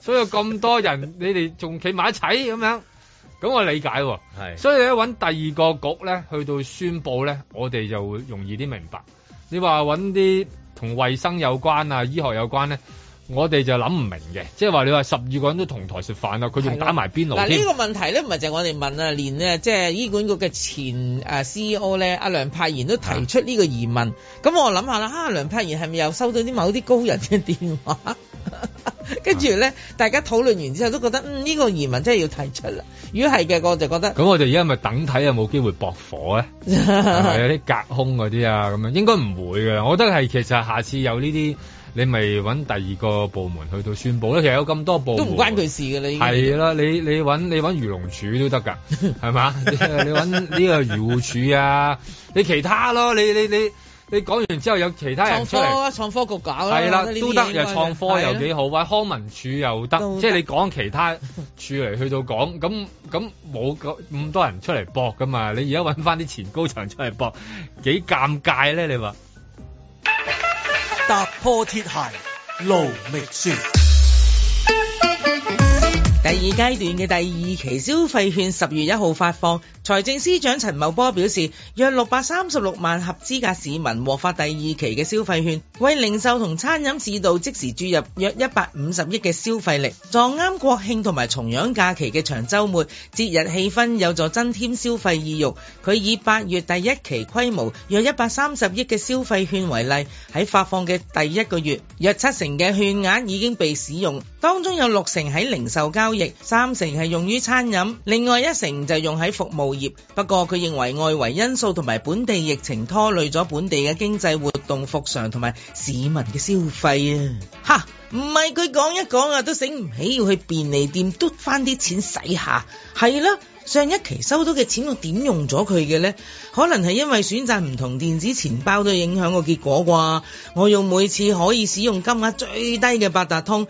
所以有咁多人，你哋仲企埋一齊咁樣？咁我理解、哦，係，所以咧揾第二個局咧，去到宣布咧，我哋就會容易啲明白。你話揾啲同衛生有關啊、醫學有關咧，我哋就諗唔明嘅。即係話你話十二個人都同台食飯啊，佢仲打埋邊爐？嗱，呢、呢個問題咧，唔係就我哋問啊，連呢即係醫管局嘅前誒 C E O 咧，阿梁柏賢都提出呢個疑問。咁、啊、我諗下啦，啊，梁柏賢係咪又收到啲某啲高人嘅電話？ 跟住咧，大家討論完之後都覺得嗯呢、呢個疑問真係要提出啦。如果係嘅，我就覺得咁，我哋而家咪等睇有冇機會駁火咧，係、 uh, 有啲隔空嗰啲啊咁樣，應該唔會嘅。我覺得係其實下次有呢啲，你咪搵第二個部門去到宣佈啦。其實有咁多部門都唔關佢事嘅，你係啦，你你你搵漁農處都得噶，係嘛？你搵呢 個漁護處啊，你其他咯，你你你。你你講完之後有其他人出嚟創科啊，創科局搞啦，係啦都得，又創科又幾好啊，喂，康文署又得，即係你講其他處嚟 去到講，咁咁冇咁多人出嚟搏噶嘛？你而家搵翻啲前高層出嚟搏，幾尷尬咧？你話？踏破鐵鞋路未熟，第二階段嘅第二期消費券十月一號發放。財政司長陳茂波表示，約六百三十六萬合資格市民獲發第二期嘅消費券，為零售同餐飲市道即時注入約一百五十億嘅消費力，撞啱國慶同埋重陽假期嘅長周末，節日氣氛有助增添消費意欲。佢以八月第一期規模約一百三十億嘅消費券為例，喺發放嘅第一個月，約七成嘅券額已經被使用，當中有六成喺零售交易，三成係用於餐飲，另外一成就用喺服務。不過佢認為外圍因素同埋本地疫情拖累咗本地嘅經濟活動復常同埋市民嘅消費啊，吓唔係佢講一講啊都醒唔起要去便利店嘟翻啲錢使下，係啦，上一期收到嘅錢我點用咗佢嘅呢？可能係因為選擇唔同電子錢包都影響個結果啩，我用每次可以使用金額最低嘅八達通。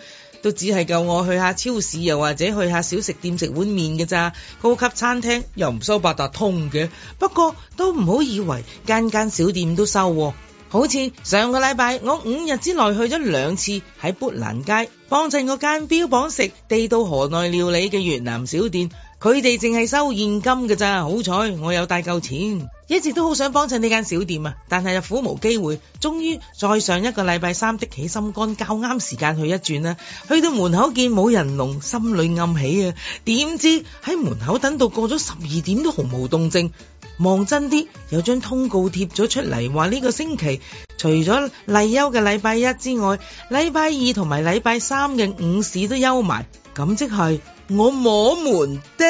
都只係夠我去下超市，又或者去下小食店食碗麵嘅咋。高級餐廳又唔收八達通嘅。不過都唔好以為間間小店都收喎。好似上個禮拜我五日之內去咗兩次喺砵蘭街幫襯嗰間標榜食地道河內料理嘅越南小店。佢哋淨係收現金㗎咋，好彩我有帶夠錢，一直都好想幫襯呢間小店啊，但係又苦無機會。終於再上一個禮拜三的起心肝，較啱時間去一轉啦。去到門口見冇人龍，心裏暗喜啊，點知喺門口等到過咗十二點都毫無動靜。望真啲，有張通告貼咗出嚟，話呢個星期除咗例休嘅禮拜一之外，禮拜二同埋禮拜三嘅午市都休埋，咁即係。我摸門釘，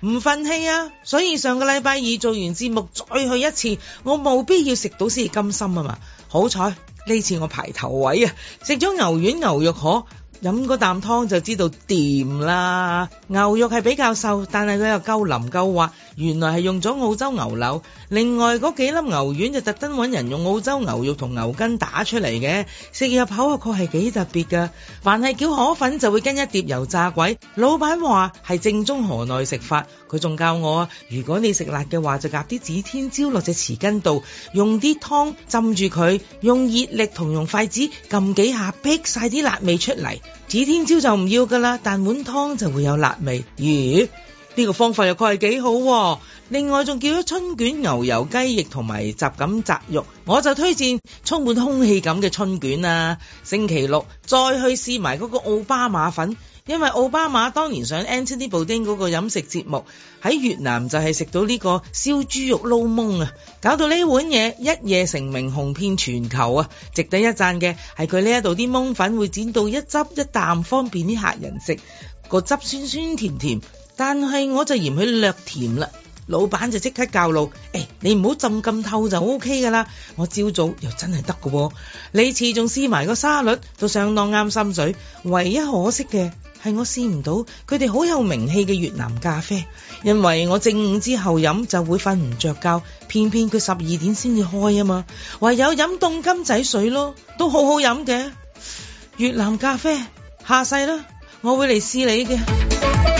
唔忿氣啊！所以上個禮拜二做完節目再去一次，我冇必要食到先甘心啊嘛！好彩呢次我排頭位啊，食咗牛丸牛肉河，飲個啖湯就知道掂啦。牛肉係比較瘦，但係佢又夠淋夠滑。原來係用咗澳洲牛柳，另外嗰幾粒牛丸就特登揾人用澳洲牛肉同牛筋打出嚟嘅，食入口啊確係幾特別㗎。凡係叫河粉就會跟一碟油炸鬼，老闆話係正宗河內食法。佢仲教我，如果你食辣嘅話，就夾啲指天椒落隻匙羹度，用啲湯浸住佢，用熱力同用筷子撳幾下，逼晒啲辣味出嚟。指天椒就唔要㗎啦，但碗湯就會有辣味。咦？呢、這個方法又確係幾好。另外仲叫咗春卷、牛油雞翼同埋雜錦雜肉，我就推薦充滿空氣感嘅春卷啊。星期六再去試埋嗰個奧巴馬粉，因為奧巴馬當年上 Anthony《Anthony Bourdain》嗰個飲食節目喺越南就係食到呢個燒豬肉撈檬啊，搞到呢碗嘢一夜成名，紅遍全球啊！值得一讚嘅係佢呢一度啲檬粉會剪到一汁一啖，方便啲客人食個汁酸酸甜甜。但係我就嫌佢略甜啦，老闆就即刻教路，誒、哎，你唔好浸咁透就 OK 噶啦。我朝早又真係得噶喎，你次仲試埋個沙律都相當啱心水，唯一可惜嘅係我試唔到佢哋好有名氣嘅越南咖啡，因為我正午之後飲就會瞓唔着覺，偏偏佢十二點先至開啊嘛，唯有飲凍金仔水咯，都好好飲嘅。越南咖啡，下世啦，我會嚟試你嘅。